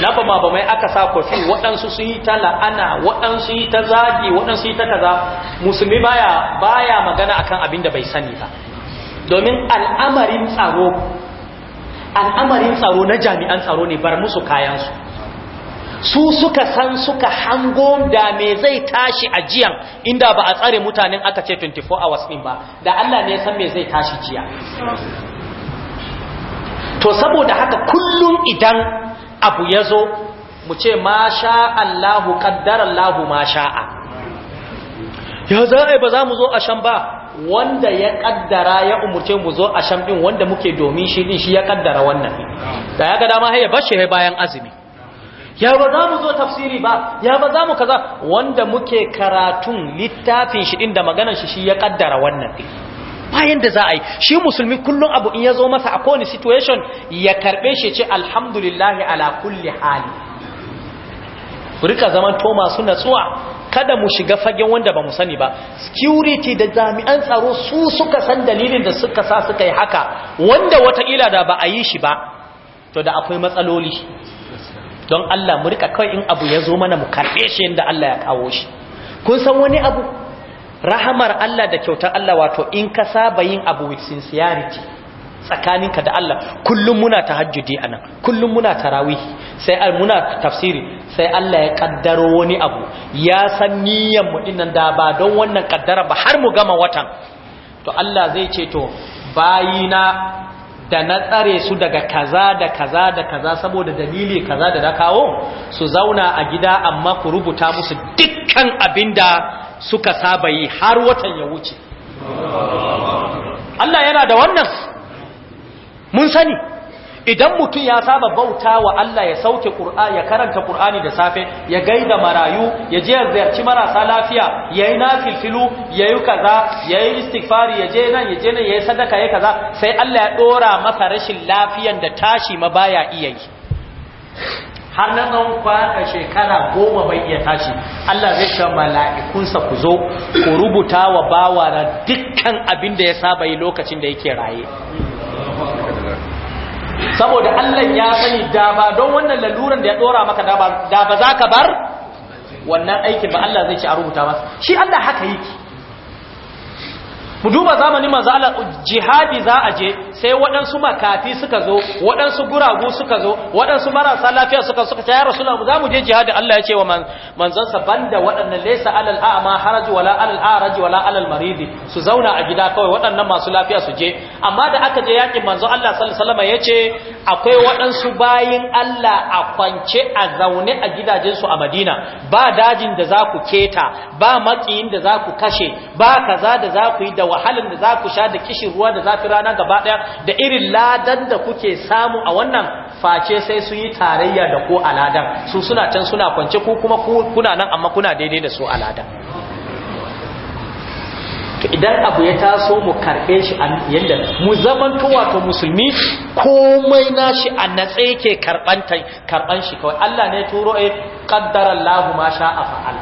na ba ba mai aka sa kofi waɗansu sun yi ta la'ana waɗansu yi ta zagi waɗansu yi ta kaza musulmi baya baya magana akan abin da bai sani ba domin al'amarin tsaro al'amarin tsaro na jami'an tsaro ne bar musu kayansu su suka san suka hango da me zai tashi a jiyan inda ba a tsare mutanen aka ce 24 hours din ba da Allah ne ya san me zai tashi jiya to saboda haka kullum idan abu ya zo mu ce ma sha Allahu kaddara lahu ma sha'a ya za a ba za mu zo a shan ba wanda ya kaddara ya umurce mu zo a shan din wanda muke domin shi din shi ya kaddara wannan da ya ga dama haye bashi ya bayan azumi ya ba za mu zo tafsiri ba ya ba za mu kaza wanda muke karatun littafin shi din da maganar shi shi ya kaddara wannan din bayan da za a yi shi musulmi kullum abu in ya zo masa a kowane situation ya karbe shi ce alhamdulillahi ala kulli hali rika zaman to masu natsuwa kada mu shiga fagen wanda ba mu sani ba security da jami'an tsaro su suka san dalilin da suka sa suka yi haka wanda watakila da ba a yi shi ba to da akwai matsaloli don Allah mu rika kawai in abu ya zo mana mu karbe shi yadda Allah ya kawo shi kun san wani abu rahamar Allah da kyautar Allah wato in ka saba yin abu with sincerity tsakaninka da Allah kullum muna tahajjudi anan kullum muna tarawih sai muna tafsiri sai Allah ya kaddaro wani abu ya san niyyar mu dinnan da ba don wannan kaddara ba har mu gama watan to Allah zai ce to bayina da na tsare su daga kaza da kaza da kaza saboda dalili kaza da na kawo su zauna a gida amma ku rubuta musu dukkan abinda suka saba yi har watan ya wuce Allah yana da wannan mun sani idan mutum ya saba bauta wa Allah ya sauke ya karanta ƙur'ani da safe ya gaida marayu ya je ya ziyarci marasa lafiya ya yayi nafilfilu yi kaza ya yayi istighfari ya je nan ya je nan ya yi sadaka ya kaza sai Allah ya ɗora masa rashin lafiyan da tashi ma baya iya yi har na tsawon kwana shekara goma bai iya tashi Allah zai sha mala'ikunsa ku zo ku rubuta wa bawa na dukkan abin da ya saba yi lokacin da yake raye saboda Allah ya sani dama don wannan laluran da ya dora maka da za ka bar wannan aikin ba Allah zai ce a rubuta masa shi Allah haka yake ku duba zamanin jihadi za a je sai waɗansu makafi suka zo waɗansu guragu suka zo waɗansu marasa lafiya suka suka ta ya rasulullah za mu je jihadi Allah ya ce wa manzonsa banda waɗannan laysa alal a'ma haraj wala alal araj wala alal marid su zauna a gida kawai waɗannan masu lafiya su je amma da aka je yakin manzo Allah sallallahu alaihi yace akwai waɗansu bayin Allah a kwance a zaune a gidajen su a Madina ba dajin da za ku keta ba makiyin da za ku kashe ba kaza da za ku yi da wahalin da za ku sha da kishin ruwa da zafi rana gaba daya da irin ladan da kuke samu a wannan face sai su yi tarayya da ko aladan su suna can suna kwance ku kuma kuna nan amma kuna daidai da su aladan to idan abu ya taso mu karɓe shi a yadda mu zaman ta musulmi komai na shi a natsa yake karɓan shi kawai Allah ne turo a eh, ƙaddarar lahu ma sha a fa'al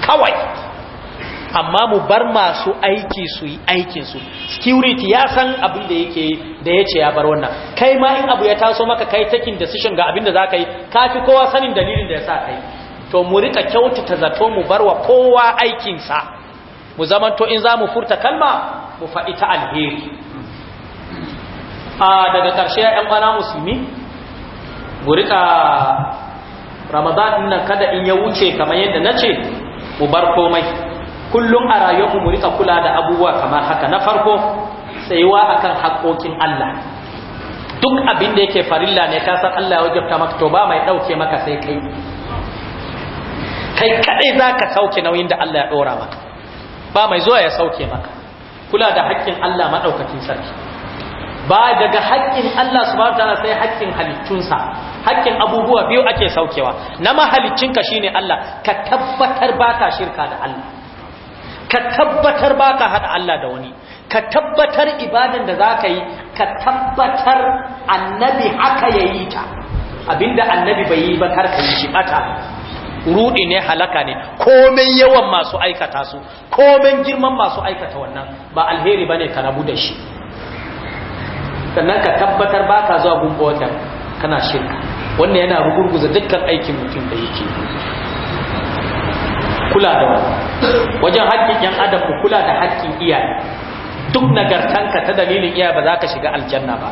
kawai amma mu bar masu aiki su yi aikinsu security ya san abin da yake da ya ce ya bar wannan kai ma in abu ya taso maka kai takin da sishin ga abin da za ka yi ka fi kowa sanin dalilin da ya sa ka yi to mu rika kyautata zato mu bar wa kowa aikinsa mu zamanto in za mu furta kalma mu faɗi ta alheri a daga ƙarshe ‘yan ƙwana musulmi mu riƙa ramadan nan kada in ya wuce kamar yadda na ce mu bar komai kullum a rayuwarmu mu riƙa kula da abubuwa kamar haka na farko tsayuwa akan haƙoƙin Allah duk abin da yake farilla ne ka san Allah ya wajabta maka to ba mai ɗauke maka sai kai kai kaɗai za ka sauke nauyin da Allah ya ɗora maka ba mai zuwa ya sauke maka kula da haƙƙin Allah maɗaukakin sarki ba daga haƙƙin Allah su subhanahu na sai haƙƙin halittunsa haƙƙin abubuwa biyu ake saukewa na mahaliccinka ne Allah ka tabbatar ba ka shirka da Allah ka tabbatar ba ka haɗa Allah da wani ka tabbatar ibadan da za ka yi ka tabbatar annabi haka ya yi ta abinda annabi bai yi ba ka yi shi rudi ne halaka ne komai yawan masu aikata su komai girman masu aikata wannan ba alheri bane ka rabu da shi sannan ka tabbatar ba ka zuwa gumba watan kana shirka wannan yana rugurguza dukkan aikin mutum da yake kula da wani wajen haƙƙin yan adam ku kula da haƙƙin iyaye duk nagartanka ta dalilin iyaye ba za ka shiga aljanna ba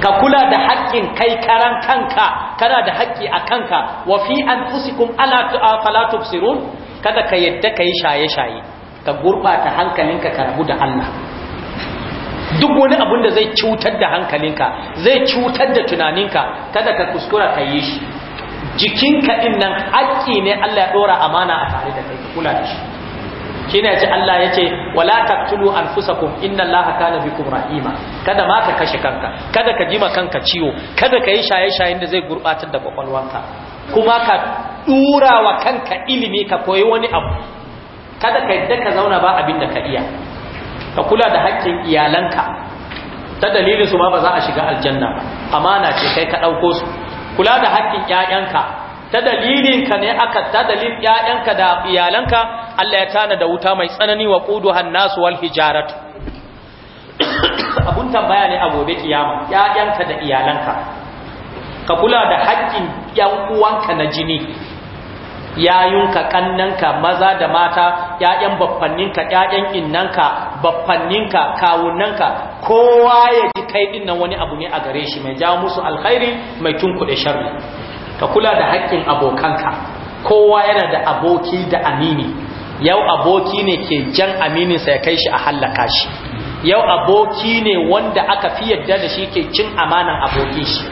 ka kula da haƙƙin kai karan kanka kana da haƙƙi a kanka wa fi anfusikum ala fala tubsirun kada ka yadda yi shaye-shaye ka gurbata hankalinka ka rabu da Allah duk wani abun da zai cutar da hankalinka zai cutar da tunaninka kada ka kuskura ka yi shi jikinka din nan haƙƙi ne Allah ya dora amana a tare da kai kula da shi shine ci Allah ya yace wala taqtulu anfusakum inna Allaha kana bikum rahima kada ma ka kashe kanka kada ka jima kanka ciwo kada ka yi shaye-shayen da zai gurbatar da kwakwalwanka kuma ka dura wa kanka ilimi ka koyi wani abu kada ka yadda ka zauna ba abin da ka iya ka kula da haƙƙin iyalanka ta dalilin su ma ba za a shiga aljanna ba amana ce kai ka ɗauko su kula da haƙƙin ƴaƴanka ta dalilin ka ne aka ta dalilin ƴaƴanka da iyalanka Allah ya tana da wuta mai tsanani wa ƙudu hannasu wal hijaratu abun tambaya ne a gobe kiyama ƴaƴanka da iyalanka ka kula da haƙƙin 'yan uwanka na jini yayunka kannanka maza da mata ƴaƴan baffanninka ya'yan innanka baffanninka kawunanka kowa ya ji kai dinnan wani abu ne a gare shi mai jawo musu alkhairi mai tunkuɗe sharri ka kula da haƙƙin abokanka kowa yana da aboki da amini yau aboki ne ke jan amininsa ya kai shi a hallaka shi yau aboki ne wanda aka fi yadda da shi ke cin amanan abokin shi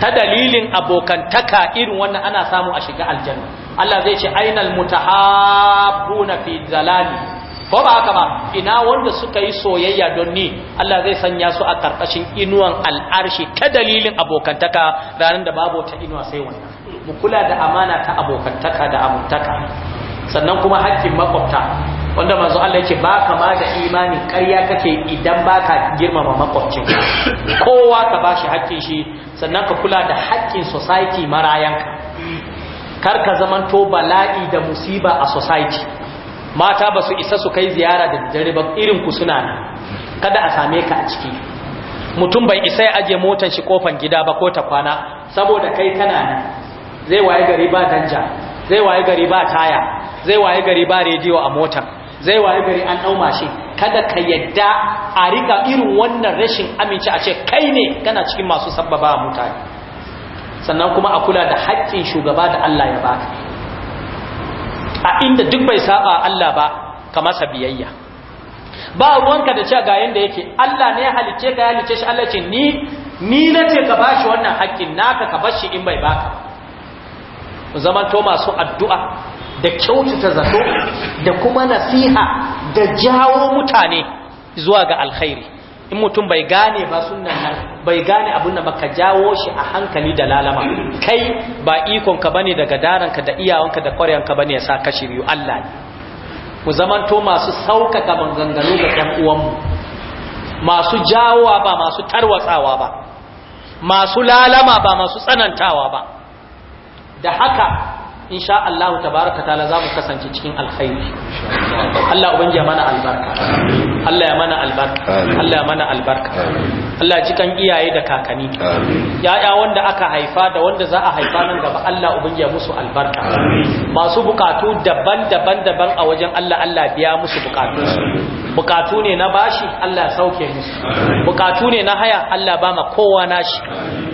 ta dalilin abokantaka irin wannan ana samu a shiga aljanna Allah zai ce ainal mutahabbuna fi zalali ko ba haka ba ina wanda suka yi soyayya don ni Allah zai sanya su a karkashin inuwan al'arshi ta dalilin abokantaka ranar da babu ta inuwa sai wannan mu kula da amana ta abokantaka da amintaka sannan kuma haƙƙin makwabta wanda manzo Allah yake ba kama da imani ƙarya kake idan baka girmama makwabcin kowa ka bashi haƙƙin shi sannan ka kula da haƙƙin society marayanka kar ka zaman to bala'i da musiba a society mata ba su isa su kai ziyara da dare ba irin ku suna nan kada a same ka a ciki mutum bai isa ya aje motar shi kofan gida ba ko ta kwana saboda kai kana nan zai waye gari ba danja zai waye gari ba taya zai waye gari ba rediyo a mota zai waye gari an dau mashin kada ka yadda a rika irin wannan rashin aminci a ce kai ne kana cikin masu sabbaba mutane sannan kuma a kula da haƙƙin shugaba da Allah ya baka a inda duk bai saba Allah ba ka masa biyayya ba ruwanka da cewa ga yanda yake Allah ne ya halice ka ya halice shi Allah ce ni ni nace ka bashi wannan haƙƙin naka ka bashi in bai baka mu zamanto masu addu'a da kyautata zato da kuma nasiha da jawo mutane zuwa ga alkhairi in mutum bai gane ba sunan nan bai gane abin da baka jawo shi a hankali da lalama kai ba ikonka ka bane daga daranka da iyawanka da ƙwaryanka bane ya sa kashi biyu Allah ne ku zamanto masu saukaka maganganu ga ɗan uwanmu masu jawowa ba masu tarwatsawa ba masu lalama ba masu tsanantawa ba da haka insha Allah tabaraka taala zamu kasance cikin alkhairi Allah ubangiji mana albarka Allah ya mana albarka Allah ya mana albarka Allah ji kan iyaye da kakanni yaya wanda aka haifa da wanda za a haifa nan gaba Allah ubangiji ya musu albarka masu bukatu daban-daban daban a wajen Allah Allah biya musu bukatunsu bukatu ne na bashi Allah ya sauke musu bukatu ne na haya Allah ba ma kowa nashi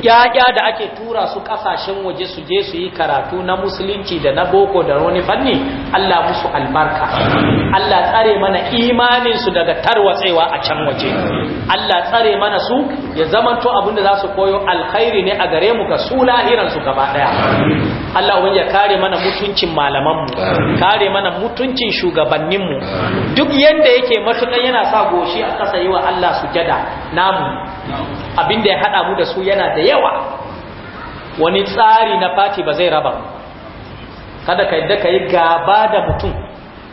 ƴaƴa da ake tura su ƙasashen waje su je su yi karatu na musulunci da na boko da wani fanni Allah musu albarka Allah tsare mana imanin su daga tarwatsewa a can waje Allah tsare mana su ya zamanto abin da za su koyo alkhairi ne a gare mu ga su lahiran su gaba daya Allah ya kare mana mutuncin malaman mu kare mana mutuncin shugabannin mu duk yanda yake matukan yana sa goshi a kasa yi wa Allah sujada namu abinda ya haɗa mu da su yana da yawa wani tsari na fati ba zai raba kada ka yadda ka yi gaba da mutum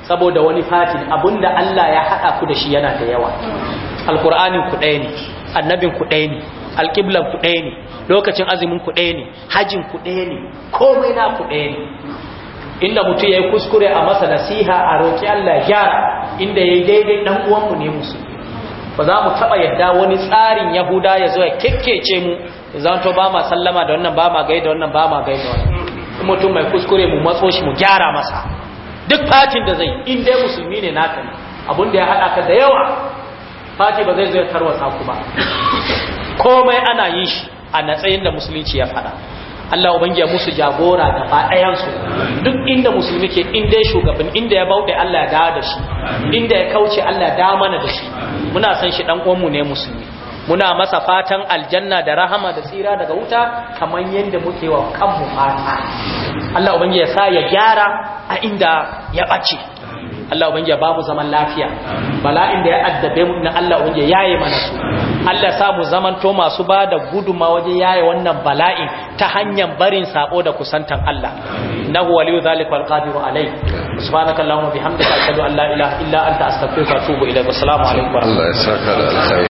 saboda wani fati abinda Allah ya haɗa ku da shi yana da yawa alkur'anin ku ɗaya ne annabin ku ɗaya ne alƙiblan ku ɗaya ne lokacin azumin ku ɗaya ne hajin ku ɗaya ne komai na ku ɗaya ne inda mutum ya yi kuskure a masa nasiha a roƙi Allah gyara inda ya yi daidai ɗan uwanmu ne musu ba za mu taɓa yadda wani tsarin yahuda ya zo ya kekkece mu zanto ba ma sallama da wannan ba ma gaida wannan ba ma gaida wannan mutum mai kuskure mu matso shi mu gyara masa duk fatin da zai in dai musulmi ne naka ne abinda ya haɗa ka da yawa fati ba zai zo ya tarwasa ku ba komai ana yin shi a natsayin da musulunci ya faɗa Allah ubangiya musu jagora gaba ɗayansu duk inda musulmi ke inda ya shugaban inda ya bauɗe Allah ya dawo da shi inda ya kauce Allah ya dawo mana da shi muna san shi ɗan uwanmu ne musulmi muna masa fatan aljanna da rahama da tsira daga wuta kamar yadda muke wa kanmu fata Allah ubangiya sa ya gyara a inda ya ɓace Allah ubangiji ba mu zaman lafiya bala'in da ya addabe mu na Allah ubangiji yaye mana su Allah sa mu zaman to masu ba da guduma waje yaye wannan bala'in ta hanyar barin sako da kusantan Allah innahu waliyyu dhalika wal qadiru alai. subhanakallahumma bihamdika ashhadu an la ilaha illa anta astaghfiruka wa atubu ilayk assalamu alaikum wa rahmatullahi